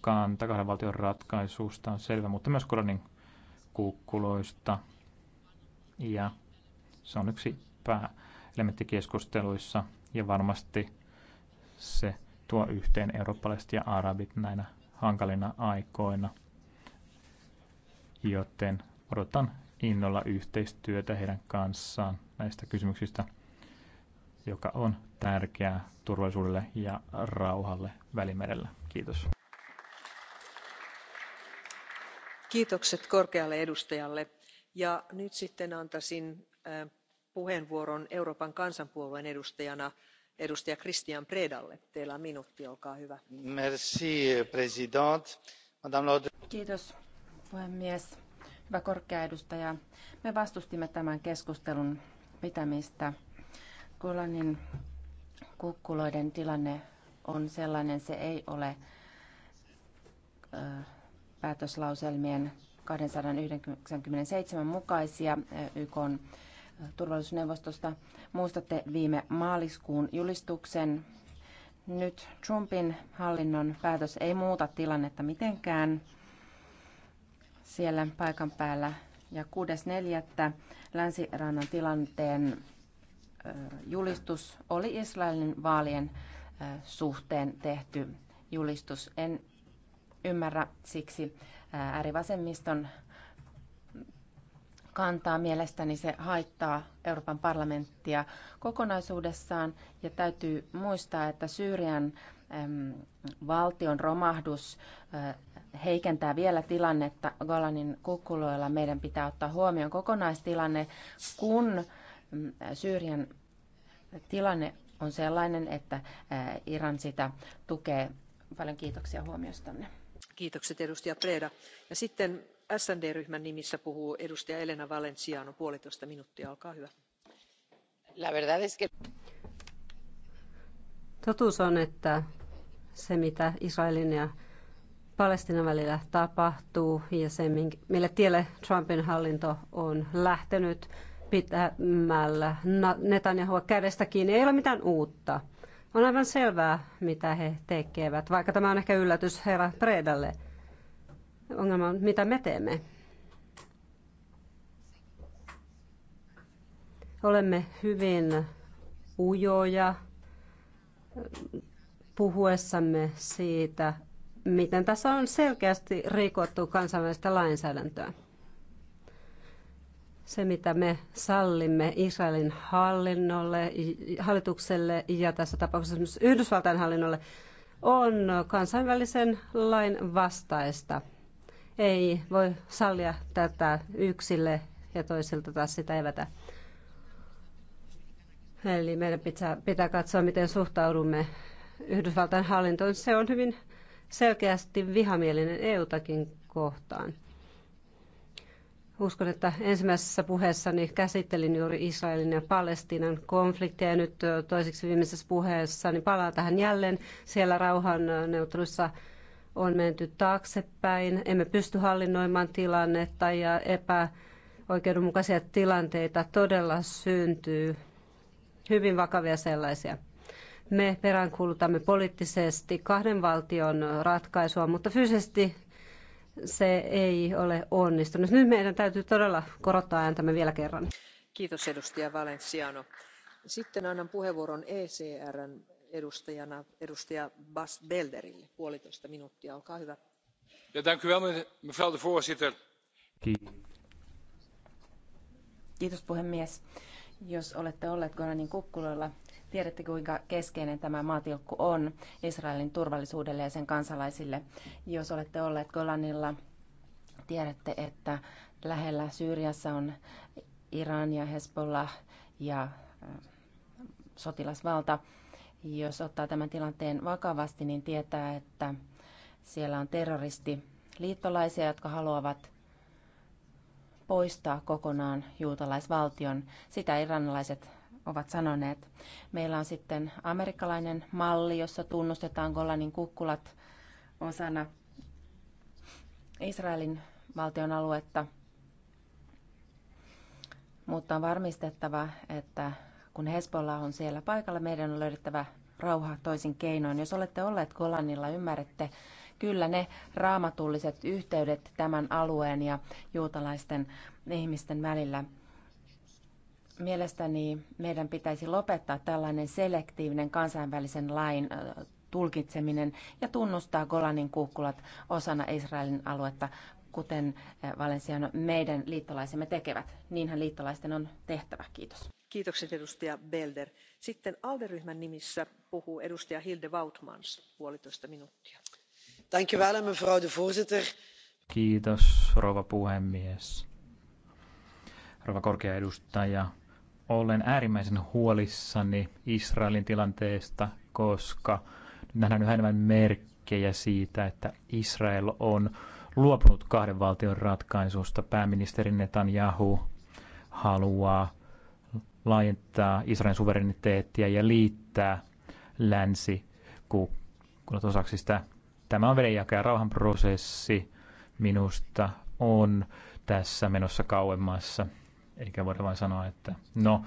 kanta kahden valtion ratkaisusta on selvä, mutta myös koronin kukkuloista. Ja se on yksi pääelementti keskusteluissa ja varmasti se tuo yhteen eurooppalaiset ja arabit näinä hankalina aikoina. Joten odotan innolla yhteistyötä heidän kanssaan näistä kysymyksistä, joka on tärkeää turvallisuudelle ja rauhalle Välimerellä. Kiitos. Kiitokset korkealle edustajalle. Ja nyt sitten antaisin puheenvuoron Euroopan kansanpuolueen edustajana edustaja Christian Predalle. Teillä on minuutti, olkaa hyvä. Merci, president. Madame Kiitos, puhemies Hyvä korkea edustaja, me vastustimme tämän keskustelun pitämistä. Kolanin kukkuloiden tilanne on sellainen, se ei ole päätöslauselmien 297 mukaisia YK turvallisuusneuvostosta. Muistatte viime maaliskuun julistuksen. Nyt Trumpin hallinnon päätös ei muuta tilannetta mitenkään siellä paikan päällä. Ja 6.4. Länsirannan tilanteen julistus oli Israelin vaalien suhteen tehty julistus. En ymmärrä siksi äärivasemmiston kantaa. Mielestäni se haittaa Euroopan parlamenttia kokonaisuudessaan ja täytyy muistaa, että Syyrian valtion romahdus heikentää vielä tilannetta Golanin kukkuloilla. Meidän pitää ottaa huomioon kokonaistilanne, kun Syyrian tilanne on sellainen, että Iran sitä tukee. Paljon kiitoksia huomiostanne. Kiitokset edustaja Preda. Ja sitten sd nimissä puhuu elena puolitoista minuuttia hyvä. totuus on että se mitä israelin ja Palestiinan välillä tapahtuu ja se, mille tielle Trumpin hallinto on lähtenyt pitämällä Netanyahua kädestä kiinni, ei ole mitään uutta. On aivan selvää, mitä he tekevät, vaikka tämä on ehkä yllätys herra Predalle – Ongelma mitä me teemme. Olemme hyvin ujoja puhuessamme siitä, miten tässä on selkeästi rikottu kansainvälistä lainsäädäntöä. Se, mitä me sallimme Israelin hallinnolle, hallitukselle ja tässä tapauksessa myös Yhdysvaltain hallinnolle, on kansainvälisen lain vastaista ei voi sallia tätä yksille ja toisilta taas sitä evätä. Eli meidän pitää, pitää katsoa, miten suhtaudumme Yhdysvaltain hallintoon. Se on hyvin selkeästi vihamielinen EUtakin kohtaan. Uskon, että ensimmäisessä puheessani käsittelin juuri Israelin ja palestinan konfliktia ja nyt toiseksi viimeisessä puheessani palaan tähän jälleen. Siellä rauhan neuvottelussa on menty taaksepäin, emme pysty hallinnoimaan tilannetta ja epäoikeudenmukaisia tilanteita todella syntyy, hyvin vakavia sellaisia. Me peräänkuulutamme poliittisesti kahden valtion ratkaisua, mutta fyysisesti se ei ole onnistunut. Nyt meidän täytyy todella korottaa ääntämme vielä kerran. Kiitos edustaja Valenciano. Sitten annan puheenvuoron ECRn voorzitter kiitos puhemies jos olette olleet goranin kukkuloilla tiedätte kuinka keskeinen tämä maatilkku on israelin turvallisuudelle ja sen kansalaisille. jos olette olleet golanilla tiedätte että lähellä syyriassa on iran ja hezbollah ja äh, sotilasvalta jos ottaa tämän tilanteen vakavasti, niin tietää, että siellä on terroristi liittolaisia, jotka haluavat poistaa kokonaan juutalaisvaltion. Sitä iranilaiset ovat sanoneet. Meillä on sitten amerikkalainen malli, jossa tunnustetaan Golanin kukkulat osana Israelin valtion aluetta. Mutta on varmistettava, että kun Hezbollah on siellä paikalla, meidän on löydettävä rauha toisin keinoin. Jos olette olleet Golanilla, ymmärrätte kyllä ne raamatulliset yhteydet tämän alueen ja juutalaisten ihmisten välillä. Mielestäni meidän pitäisi lopettaa tällainen selektiivinen kansainvälisen lain tulkitseminen ja tunnustaa Golanin kukkulat osana Israelin aluetta kuten eh, Valensiano meidän liittolaisemme tekevät. Niinhän liittolaisten on tehtävä. Kiitos. Kiitokset edustaja Belder. Sitten ALDE-ryhmän nimissä puhuu edustaja Hilde Wautmans puolitoista minuuttia. Dank u wel, mevrouw de voorzitter. Kiitos, rouva puhemies. Rouva korkea edustaja, olen äärimmäisen huolissani Israelin tilanteesta, koska nyt nähdään yhä enemmän merkkejä siitä, että Israel on luopunut kahden valtion ratkaisusta. Pääministeri Netanyahu haluaa laajentaa Israelin suvereniteettia ja liittää länsi kun osaksi sitä. Tämä on vedenjakaja rauhanprosessi minusta on tässä menossa kauemmassa. Eikä voida vain sanoa, että no,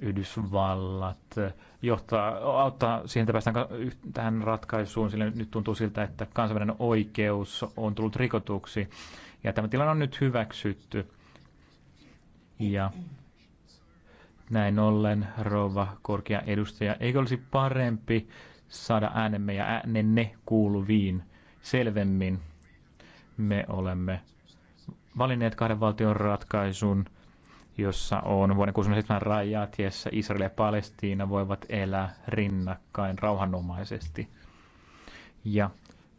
Yhdysvallat jotta auttaa siihen, että päästään tähän ratkaisuun, sillä nyt tuntuu siltä, että kansainvälinen oikeus on tullut rikotuksi. Ja tämä tilanne on nyt hyväksytty. Ja näin ollen, rouva korkea edustaja, eikö olisi parempi saada äänemme ja äänenne kuuluviin selvemmin? Me olemme valinneet kahden valtion ratkaisun jossa on vuoden 67 rajaa tiessä Israel ja Palestiina voivat elää rinnakkain rauhanomaisesti. Ja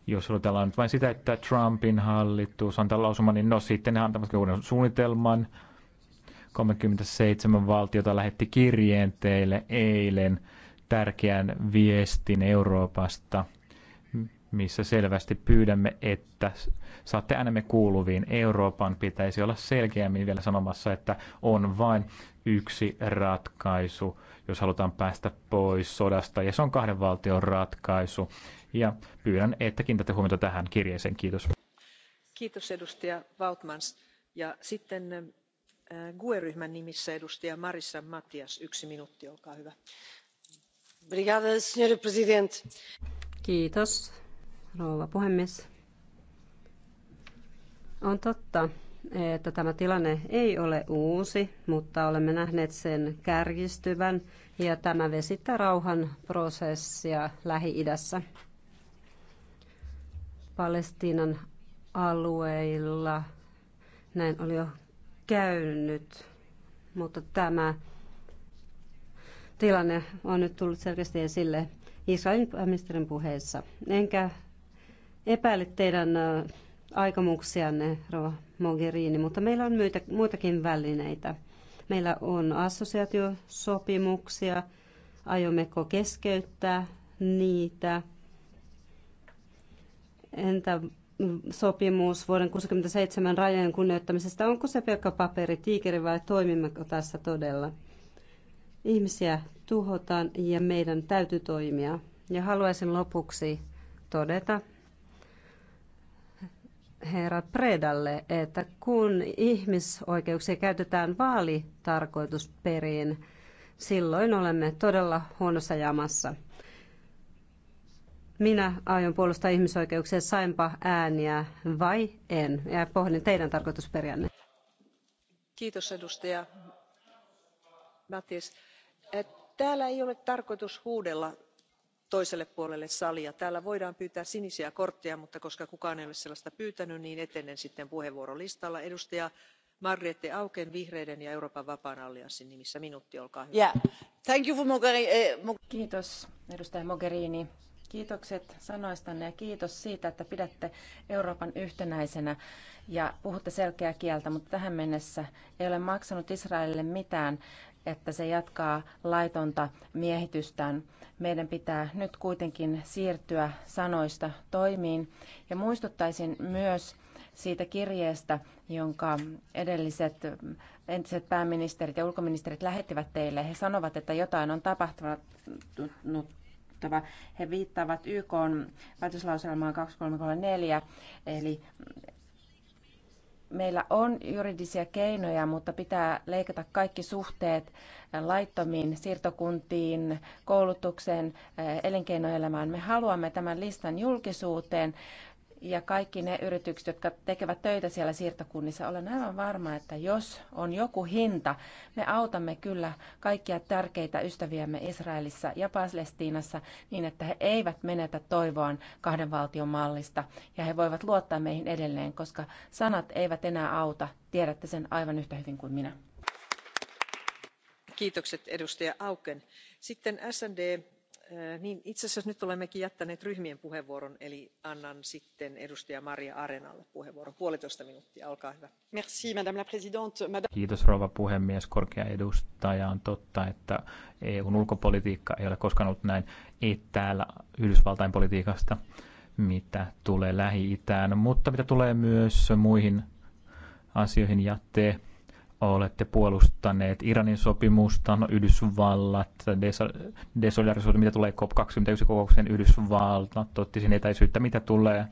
jos odotellaan nyt vain sitä, että Trumpin hallitus antaa lausuman, niin no sitten ne antavat uuden suunnitelman. 37 valtiota lähetti kirjeen teille eilen tärkeän viestin Euroopasta – missä selvästi pyydämme, että saatte äänemme kuuluviin. Euroopan pitäisi olla selkeämmin vielä sanomassa, että on vain yksi ratkaisu, jos halutaan päästä pois sodasta, ja se on kahden valtion ratkaisu. Ja pyydän, että kiinnitätte huomiota tähän kirjeeseen. Kiitos. Kiitos edustaja Vautmans. Ja sitten äh, GUE-ryhmän nimissä edustaja Marissa Matias, yksi minuutti, olkaa hyvä. Kiitos rouva puhemies. On totta, että tämä tilanne ei ole uusi, mutta olemme nähneet sen kärjistyvän ja tämä vesittää rauhan prosessia Lähi-idässä. Palestiinan alueilla näin oli jo käynyt, mutta tämä tilanne on nyt tullut selkeästi esille Israelin pääministerin puheessa. Enkä epäillyt teidän aikomuksianne, Rova Mogherini, mutta meillä on myitä, muitakin välineitä. Meillä on assosiaatiosopimuksia, aiommeko keskeyttää niitä. Entä sopimus vuoden 67 rajojen kunnioittamisesta, onko se pelkkä paperi tiikeri vai toimimmeko tässä todella? Ihmisiä tuhotaan ja meidän täytyy toimia. Ja haluaisin lopuksi todeta, herra Predalle, että kun ihmisoikeuksia käytetään vaalitarkoitusperiin, silloin olemme todella huonossa jamassa. Minä aion puolustaa ihmisoikeuksia, sainpa ääniä vai en, ja pohdin teidän tarkoitusperianne. Kiitos edustaja Matis. Täällä ei ole tarkoitus huudella toiselle puolelle salia. täällä voidaan pyytää sinisiä kortteja mutta koska kukaan ei ole sellaista pyytänyt niin etenen sitten puheenvuorolistalla. edustaja margrete auken vihreiden ja euroopan vapaan allianssin nimissä minuutti olkaa hyvä. Eh, kiitos edustaja mogherini kiitokset sanoistanne ja kiitos siitä, että pidätte Euroopan yhtenäisenä ja puhutte selkeää kieltä, mutta tähän mennessä ei ole maksanut Israelille mitään että se jatkaa laitonta miehitystään. Meidän pitää nyt kuitenkin siirtyä sanoista toimiin. Ja muistuttaisin myös siitä kirjeestä, jonka edelliset entiset pääministerit ja ulkoministerit lähettivät teille. He sanovat, että jotain on tapahtunut He viittaavat YK päätöslauselmaan 2334, eli meillä on juridisia keinoja, mutta pitää leikata kaikki suhteet laittomiin siirtokuntiin, koulutukseen, elinkeinoelämään. Me haluamme tämän listan julkisuuteen ja kaikki ne yritykset, jotka tekevät töitä siellä siirtokunnissa, olen aivan varma, että jos on joku hinta, me autamme kyllä kaikkia tärkeitä ystäviämme Israelissa ja Palestiinassa niin, että he eivät menetä toivoaan kahden valtion mallista ja he voivat luottaa meihin edelleen, koska sanat eivät enää auta. Tiedätte sen aivan yhtä hyvin kuin minä. Kiitokset edustaja Auken. Sitten SND niin, itse asiassa nyt olemmekin jättäneet ryhmien puheenvuoron, eli annan sitten edustaja Maria Arenalle puheenvuoron. Puolitoista minuuttia, olkaa hyvä. arvoisa puhemies, korkea edustaja. On totta, että eu n ulkopolitiikka ei ole koskaan ollut näin etäällä Yhdysvaltain politiikasta, mitä tulee Lähi-Itään, mutta mitä tulee myös muihin asioihin ja te olette puolustaneet Iranin sopimusta, no Yhdysvallat, desolidarisuutta, mitä tulee COP21 kokoukseen, Yhdysvallat otti sen etäisyyttä, mitä tulee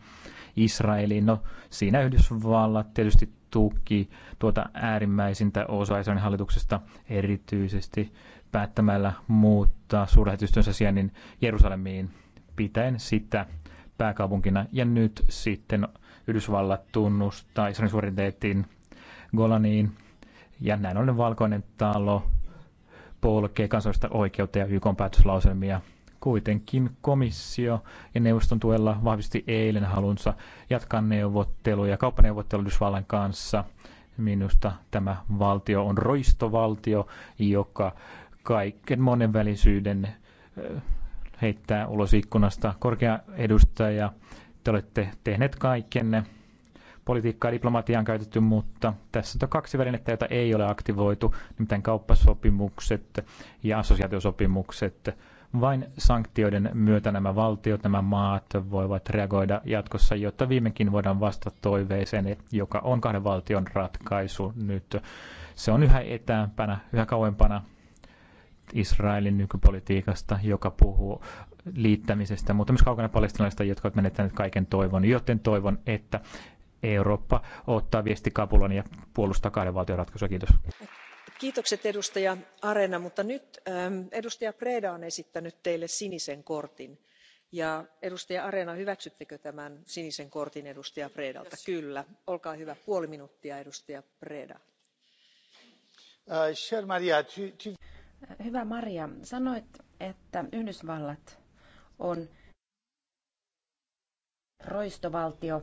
Israeliin. No siinä Yhdysvallat tietysti tuki tuota äärimmäisintä osa Israelin hallituksesta erityisesti päättämällä muuttaa suurlähetystönsä sijainnin Jerusalemiin pitäen sitä pääkaupunkina. Ja nyt sitten Yhdysvallat tunnustaa Israelin suoriteetin Golaniin ja näin ollen valkoinen talo polkee kansallista oikeutta ja YK päätöslauselmia. Kuitenkin komissio ja neuvoston tuella vahvisti eilen halunsa jatkaa neuvotteluja kauppaneuvotteluja Yhdysvallan kanssa. Minusta tämä valtio on roistovaltio, joka kaiken monenvälisyyden eh, heittää ulos ikkunasta. Korkea edustaja, te olette tehneet kaikenne politiikkaa ja diplomatiaa on käytetty, mutta tässä on kaksi välinettä, joita ei ole aktivoitu, nimittäin kauppasopimukset ja assosiaatiosopimukset. Vain sanktioiden myötä nämä valtiot, nämä maat voivat reagoida jatkossa, jotta viimekin voidaan vastata toiveeseen, joka on kahden valtion ratkaisu nyt. Se on yhä etäämpänä, yhä kauempana Israelin nykypolitiikasta, joka puhuu liittämisestä, mutta myös kaukana palestinaista, jotka ovat menettäneet kaiken toivon. Joten toivon, että Eurooppa ottaa viestikapulan ja puolustaa kahden valtion ratkaisua. Kiitos. Kiitokset edustaja Arena, mutta nyt ähm, edustaja Preda on esittänyt teille sinisen kortin. Ja edustaja Arena, hyväksyttekö tämän sinisen kortin edustaja Predalta? Yes. Kyllä. Olkaa hyvä, puoli minuuttia edustaja Preda. Uh, Maria, ty, ty... Hyvä Maria, sanoit, että Yhdysvallat on roistovaltio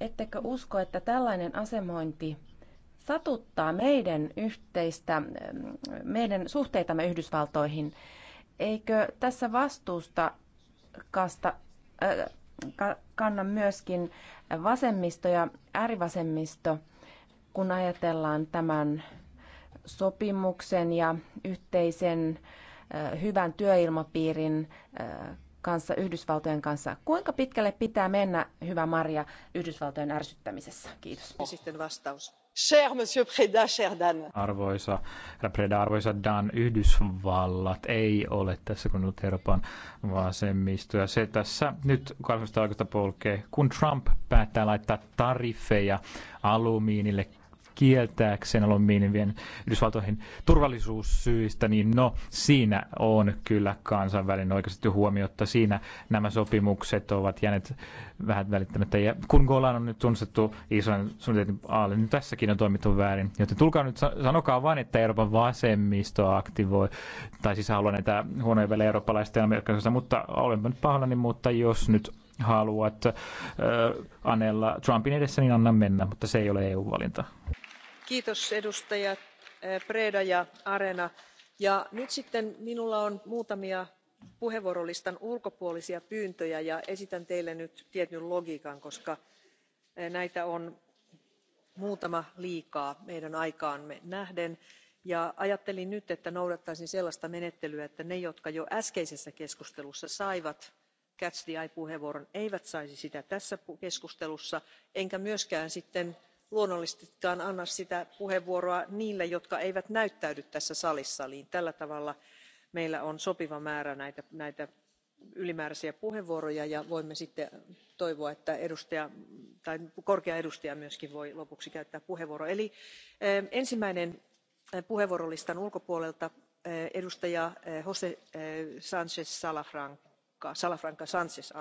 Ettekö usko, että tällainen asemointi satuttaa meidän yhteistä, meidän suhteitamme Yhdysvaltoihin? Eikö tässä vastuusta kasta, äh, kanna myöskin vasemmisto ja äärivasemmisto, kun ajatellaan tämän sopimuksen ja yhteisen äh, hyvän työilmapiirin äh, kanssa, Yhdysvaltojen kanssa. Kuinka pitkälle pitää mennä, hyvä Maria, Yhdysvaltojen ärsyttämisessä? Kiitos. Sitten vastaus. Cher Monsieur Preda, cher Dan. Arvoisa herra Preda, arvoisa Dan, Yhdysvallat ei ole tässä kun ollut Euroopan vasemmisto. Ja se tässä nyt 18 polkee, kun Trump päättää laittaa tariffeja alumiinille, kieltääkseen alumiinivien Yhdysvaltoihin turvallisuussyistä, niin no siinä on kyllä kansainvälinen oikeasti huomiota. Siinä nämä sopimukset ovat jääneet vähän välittämättä. Ja kun Golan on nyt tunnustettu Israelin suunnitelmin alle, niin tässäkin on toimittu väärin. Joten tulkaa nyt, sanokaa vain, että Euroopan vasemmisto aktivoi, tai siis haluaa näitä huonoja välejä eurooppalaista ja mutta olenpa nyt pahoillani, mutta jos nyt haluat äh, anella Trumpin edessä, niin anna mennä, mutta se ei ole EU-valinta kiitos edustajat eh, preda ja arena ja nyt sitten minulla on muutamia puheenvuorolistan ulkopuolisia pyyntöjä ja esitän teille nyt tietyn logiikan koska eh, näitä on muutama liikaa meidän aikaamme nähden ja ajattelin nyt että noudattaisin sellaista menettelyä että ne jotka jo äskeisessä keskustelussa saivat puheenvuoron eivät saisi sitä tässä keskustelussa enkä myöskään sitten luonnollisestikaan anna sitä puheenvuoroa niille jotka eivät näyttäydy tässä salissa eli tällä tavalla meillä on sopiva määrä näitä ylimääräisiä puheenvuoroja ja voimme sitten toivoa että korkea edustaja myöskin voi lopuksi käyttää puheenvuoron. eli eh, ensimmäinen eh, listan ulkopuolelta eh, edustaja Jose Sánchez salafranca sanchez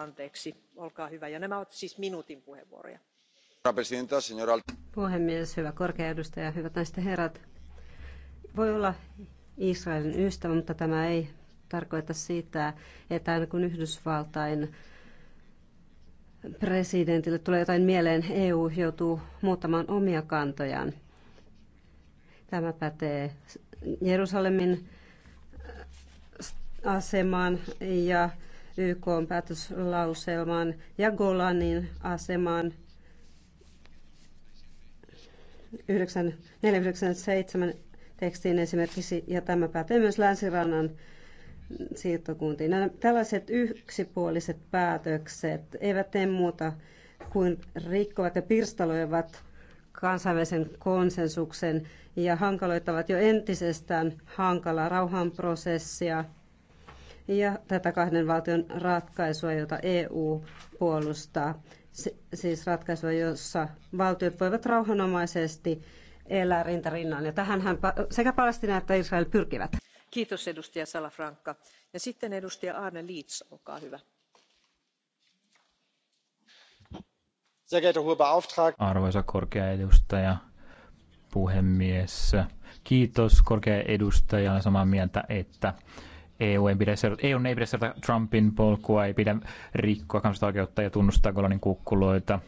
olkaa hyvä ja nämä ovat siis minuutin puheenvuoroja. Puhemies, hyvä korkea edustaja, hyvät naiset ja herrat. Voi olla Israelin ystävä, mutta tämä ei tarkoita sitä, että aina kun Yhdysvaltain presidentille tulee jotain mieleen, EU joutuu muuttamaan omia kantojaan. Tämä pätee Jerusalemin asemaan ja YK päätöslauselmaan ja Golanin asemaan 497 tekstiin esimerkiksi, ja tämä pätee myös länsirannan siirtokuntiin. Nämä tällaiset yksipuoliset päätökset eivät tee muuta kuin rikkovat ja pirstaloivat kansainvälisen konsensuksen ja hankaloittavat jo entisestään hankalaa rauhanprosessia ja tätä kahden valtion ratkaisua, jota EU puolustaa siis ratkaisua, jossa valtiot voivat rauhanomaisesti elää rintarinnan. Ja tähänhän sekä Palestina että Israel pyrkivät. Kiitos edustaja Salafranca. Ja sitten edustaja Arne Liits, olkaa hyvä. Arvoisa korkea edustaja, puhemies. Kiitos korkea edustaja. Olen samaa mieltä, että EU ei pidä seurata, EUn ei pidä seurata Trumpin polkua, ei pidä rikkoa kansallista oikeutta ja tunnustaa Golanin kukkuloita.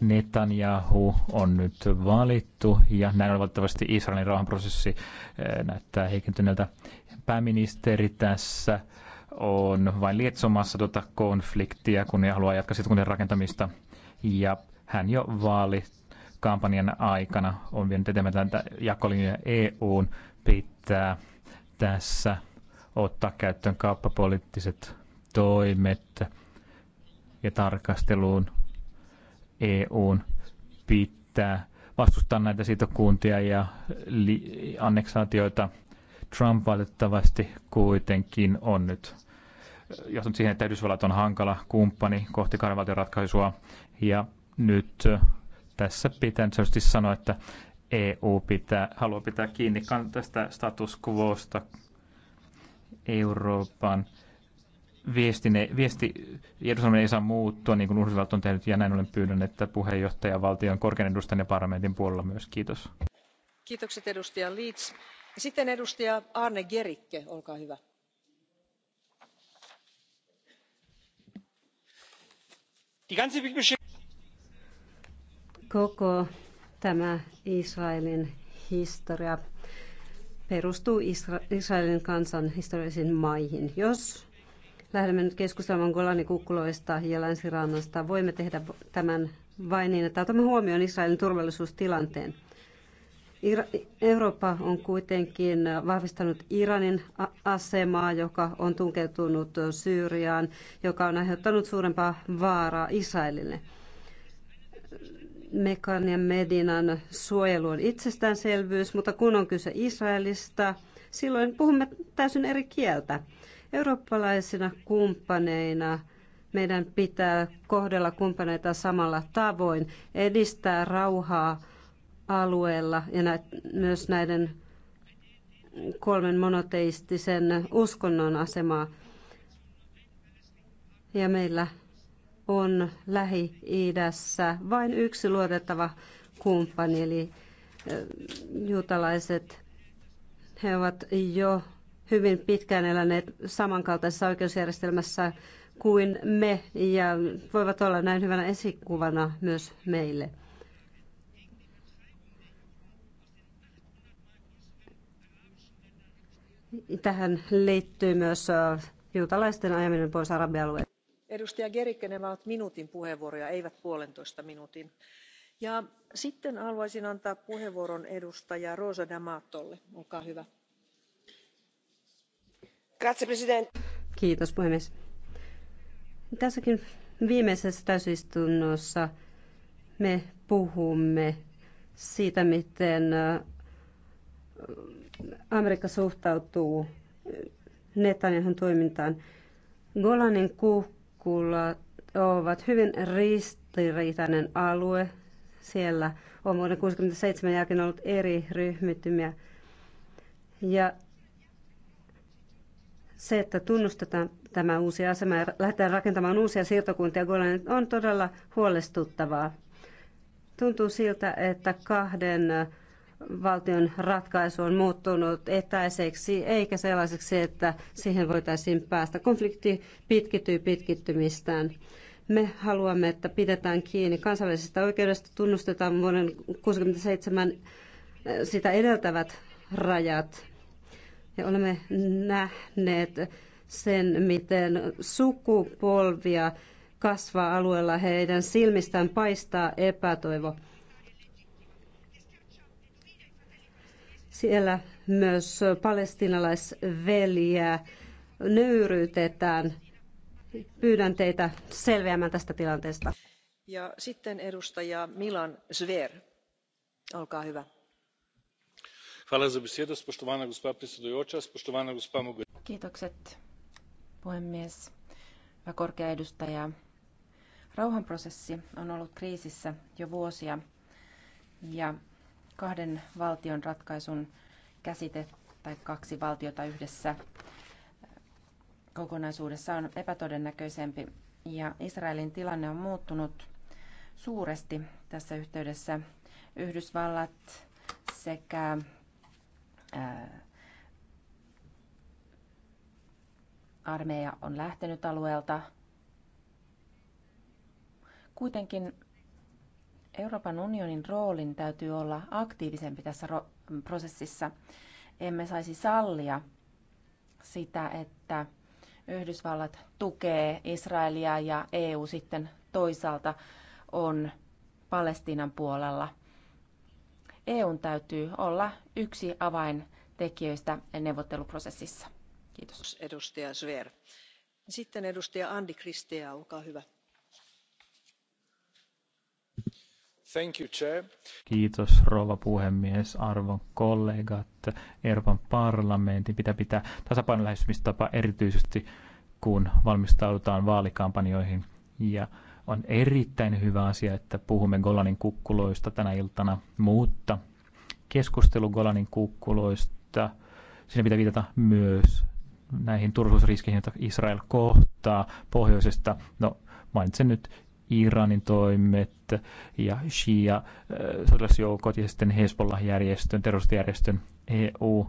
Netanyahu on nyt valittu ja näin on valitettavasti Israelin rauhanprosessi eh, näyttää heikentyneeltä. Pääministeri tässä on vain lietsomassa tuota konfliktia, kun ei haluaa jatkaa sitten rakentamista. Ja hän jo vaalikampanjan aikana on vienyt eteenpäin tätä jakolinjaa EUn pitää tässä ottaa käyttöön kauppapoliittiset toimet ja tarkasteluun EUn pitää vastustaa näitä sitokuntia ja li- anneksaatioita. Trump valitettavasti kuitenkin on nyt johtanut siihen, että Yhdysvallat on hankala kumppani kohti kahdenvaltion ratkaisua. Ja nyt äh, tässä pitää nyt sanoa, että EU pitää, haluaa pitää kiinni tästä status quosta Euroopan viestine, viesti Jerusalemin ei saa muuttua, niin kuin Ursivalt on tehnyt, ja näin ollen pyydän, että puheenjohtaja valtion korkean edustajan ja parlamentin puolella myös. Kiitos. Kiitokset edustaja Leeds. Sitten edustaja Arne Gerikke, olkaa hyvä. Koko tämä Israelin historia perustuu Isra- Israelin kansan historiallisiin maihin. Jos lähdemme nyt keskustelemaan kukkuloista ja länsirannasta, voimme tehdä tämän vain niin, että otamme huomioon Israelin turvallisuustilanteen. Eurooppa on kuitenkin vahvistanut Iranin asemaa, joka on tunkeutunut Syyriaan, joka on aiheuttanut suurempaa vaaraa Israelille. Mekan ja Medinan suojelu on itsestäänselvyys, mutta kun on kyse Israelista, silloin puhumme täysin eri kieltä. Eurooppalaisina kumppaneina meidän pitää kohdella kumppaneita samalla tavoin, edistää rauhaa alueella ja nä- myös näiden kolmen monoteistisen uskonnon asemaa. Ja meillä on Lähi-idässä vain yksi luotettava kumppani, eli juutalaiset. He ovat jo hyvin pitkään eläneet samankaltaisessa oikeusjärjestelmässä kuin me ja voivat olla näin hyvänä esikuvana myös meille. Tähän liittyy myös juutalaisten ajaminen pois arabialueelta edustaja gericke nämä ovat minuutin puheenvuoroja eivät puolentoista minuutin. ja sitten haluaisin antaa puheenvuoron edustaja rosa d'amatolle olkaa hyvä. Kiitos puhemies. Tässäkin viimeisessä täysistunnossa me puhumme siitä, miten äh, Amerikka suhtautuu Netanyahun toimintaan. Golanin Kuulla ovat hyvin ristiriitainen alue. Siellä on vuoden 67 jälkeen ollut eri ryhmittymiä. Ja se, että tunnustetaan tämä uusi asema ja lähdetään rakentamaan uusia siirtokuntia on todella huolestuttavaa. Tuntuu siltä, että kahden valtion ratkaisu on muuttunut etäiseksi eikä sellaiseksi, että siihen voitaisiin päästä. Konflikti pitkittyy pitkittymistään. Me haluamme, että pidetään kiinni kansainvälisestä oikeudesta, tunnustetaan vuoden 1967 eh, sitä edeltävät rajat. Ja olemme nähneet sen, miten sukupolvia kasvaa alueella, heidän silmistään paistaa epätoivo. Siellä myös palestinalaisveliä nöyryytetään. Pyydän teitä selviämään tästä tilanteesta. Ja sitten edustaja Milan Zver. Olkaa hyvä. Kiitokset, puhemies. ja korkea edustaja. Rauhanprosessi on ollut kriisissä jo vuosia ja kahden valtion ratkaisun käsite tai kaksi valtiota yhdessä kokonaisuudessa on epätodennäköisempi ja Israelin tilanne on muuttunut suuresti tässä yhteydessä. Yhdysvallat sekä armeija on lähtenyt alueelta. Kuitenkin Euroopan unionin roolin täytyy olla aktiivisempi tässä prosessissa. Emme saisi sallia sitä, että Yhdysvallat tukee Israelia ja EU sitten toisaalta on Palestiinan puolella. EUn täytyy olla yksi avaintekijöistä neuvotteluprosessissa. Kiitos. Edustaja Zver. Sitten edustaja Andi Kristeä, olkaa hyvä Thank Kiitos rouva puhemies, arvon kollegat. Euroopan parlamentin pitää pitää lähestymistapa erityisesti kun valmistaudutaan vaalikampanjoihin. Ja on erittäin hyvä asia, että puhumme Golanin kukkuloista tänä iltana, mutta keskustelu Golanin kukkuloista, siinä pitää viitata myös näihin turvallisuusriskeihin, joita Israel kohtaa pohjoisesta. No, mainitsen nyt Iranin toimet ja Shia äh, sotilasjoukot ja sitten Hezbollah-järjestön, terroristijärjestön EU,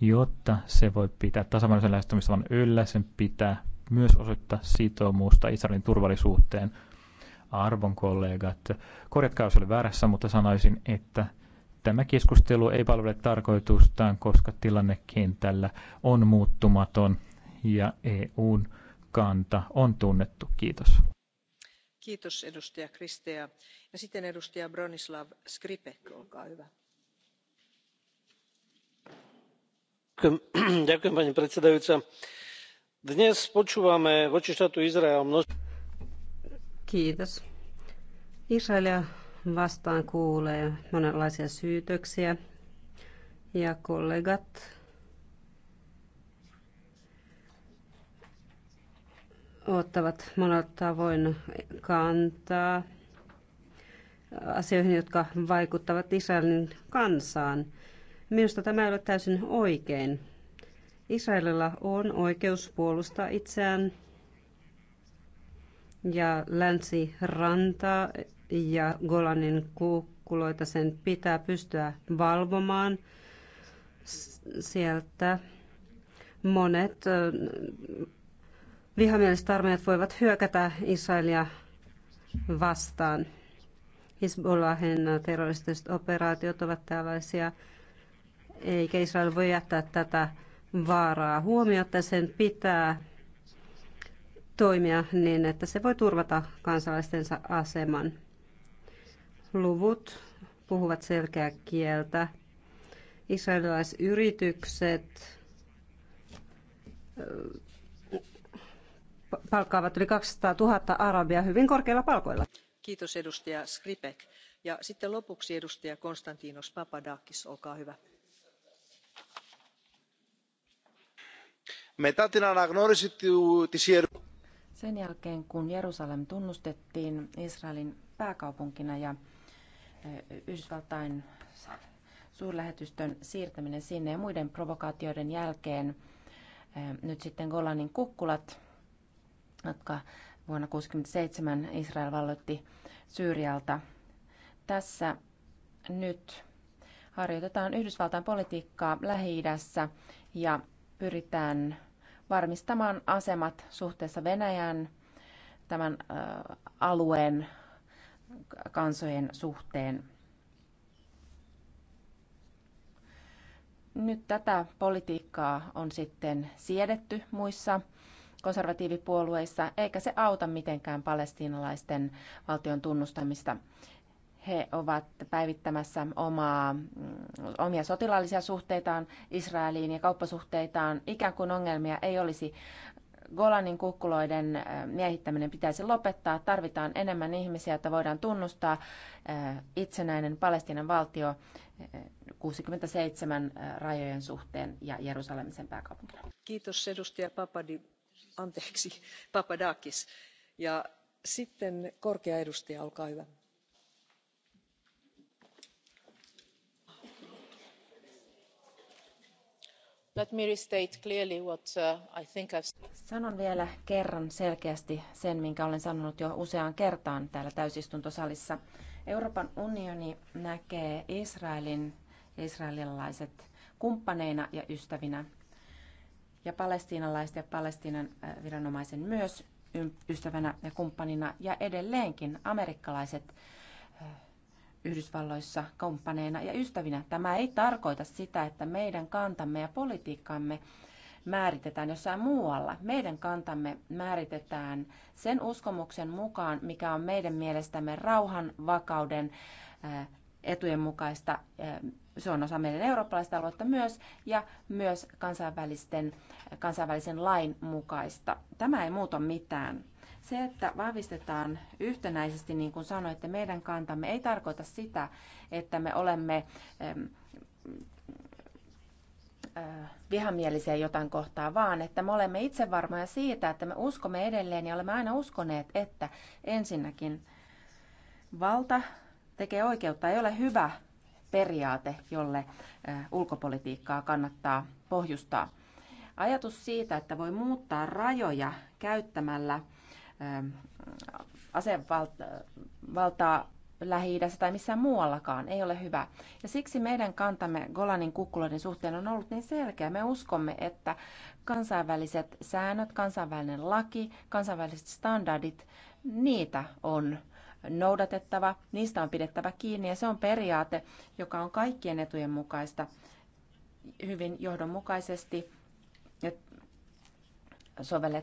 jotta se voi pitää tasapainoisen lähestymistavan yllä, sen pitää myös osoittaa sitoumusta Israelin turvallisuuteen. Arvon kollegat, korjatkaa jos oli väärässä, mutta sanoisin, että tämä keskustelu ei palvele tarkoitustaan, koska tilanne kentällä on muuttumaton ja EUn kanta on tunnettu. Kiitos arvoisa [CLEARS THROAT] predsedajúca dnes počúvame voči štátu izrael množstvo. israelia vastaan kuulee monenlaisia syytöksiä ja kollegat ottavat monella tavoin kantaa asioihin, jotka vaikuttavat Israelin kansaan. Minusta tämä ei ole täysin oikein. Israelilla on oikeus puolustaa itseään ja länsirantaa ja Golanin kukkuloita sen pitää pystyä valvomaan sieltä. Monet vihamieliset armeijat voivat hyökätä Israelia vastaan. Hezbollahin terroristiset operaatiot ovat tällaisia, eikä Israel voi jättää tätä vaaraa huomiota. Sen pitää toimia niin, että se voi turvata kansalaistensa aseman. Luvut puhuvat selkeää kieltä. Israelilaisyritykset palkkaavat yli 200 000 arabia hyvin korkeilla palkoilla. Kiitos edustaja Skripek. Ja sitten lopuksi edustaja Konstantinos Papadakis, olkaa hyvä. Sen jälkeen, kun Jerusalem tunnustettiin Israelin pääkaupunkina ja eh, Yhdysvaltain suurlähetystön siirtäminen sinne ja muiden provokaatioiden jälkeen eh, nyt sitten Golanin kukkulat jotka vuonna 1967 Israel valloitti Syyrialta. Tässä nyt harjoitetaan Yhdysvaltain politiikkaa Lähi-idässä ja pyritään varmistamaan asemat suhteessa Venäjän tämän alueen kansojen suhteen. Nyt tätä politiikkaa on sitten siedetty muissa konservatiivipuolueissa, eikä se auta mitenkään palestiinalaisten valtion tunnustamista. He ovat päivittämässä omaa, mm, omia sotilaallisia suhteitaan Israeliin ja kauppasuhteitaan. Ikään kuin ongelmia ei olisi. Golanin kukkuloiden miehittäminen pitäisi lopettaa. Tarvitaan enemmän ihmisiä, että voidaan tunnustaa itsenäinen Palestinan valtio 67 rajojen suhteen ja Jerusalemisen pääkaupunkina. Kiitos edustaja Papadi anteeksi papadakis ja sitten korkea edustaja olkaa hyvä. Let me clearly what uh, I think I've... Sanon vielä kerran selkeästi sen, minkä olen sanonut jo useaan kertaan täällä täysistuntosalissa. Euroopan unioni näkee Israelin ja israelilaiset kumppaneina ja ystävinä ja palestiinalaiset ja Palestiinan äh, viranomaisen myös ystävänä ja kumppanina ja edelleenkin amerikkalaiset äh, Yhdysvalloissa kumppaneina ja ystävinä. Tämä ei tarkoita sitä, että meidän kantamme ja politiikkamme määritetään jossain muualla. Meidän kantamme määritetään sen uskomuksen mukaan, mikä on meidän mielestämme rauhan, vakauden, äh, etujen mukaista se on osa meidän eurooppalaista aluetta myös ja myös kansainvälisten, kansainvälisen lain mukaista. Tämä ei muuta mitään. Se, että vahvistetaan yhtenäisesti, niin kuin sanoitte, meidän kantamme ei tarkoita sitä, että me olemme vihamielisiä jotain kohtaa, vaan että me olemme itse varmoja siitä, että me uskomme edelleen ja olemme aina uskoneet, että ensinnäkin valta tekee oikeutta. Ei ole hyvä periaate, jolle ulkopolitiikkaa kannattaa pohjustaa. Ajatus siitä, että voi muuttaa rajoja käyttämällä asevaltaa lähi tai missään muuallakaan ei ole hyvä. Ja siksi meidän kantamme Golanin kukkuloiden suhteen on ollut niin selkeä. Me uskomme, että kansainväliset säännöt, kansainvälinen laki, kansainväliset standardit, niitä on noudatettava, niistä on pidettävä kiinni ja se on periaate, joka on kaikkien etujen mukaista hyvin johdonmukaisesti sovellet,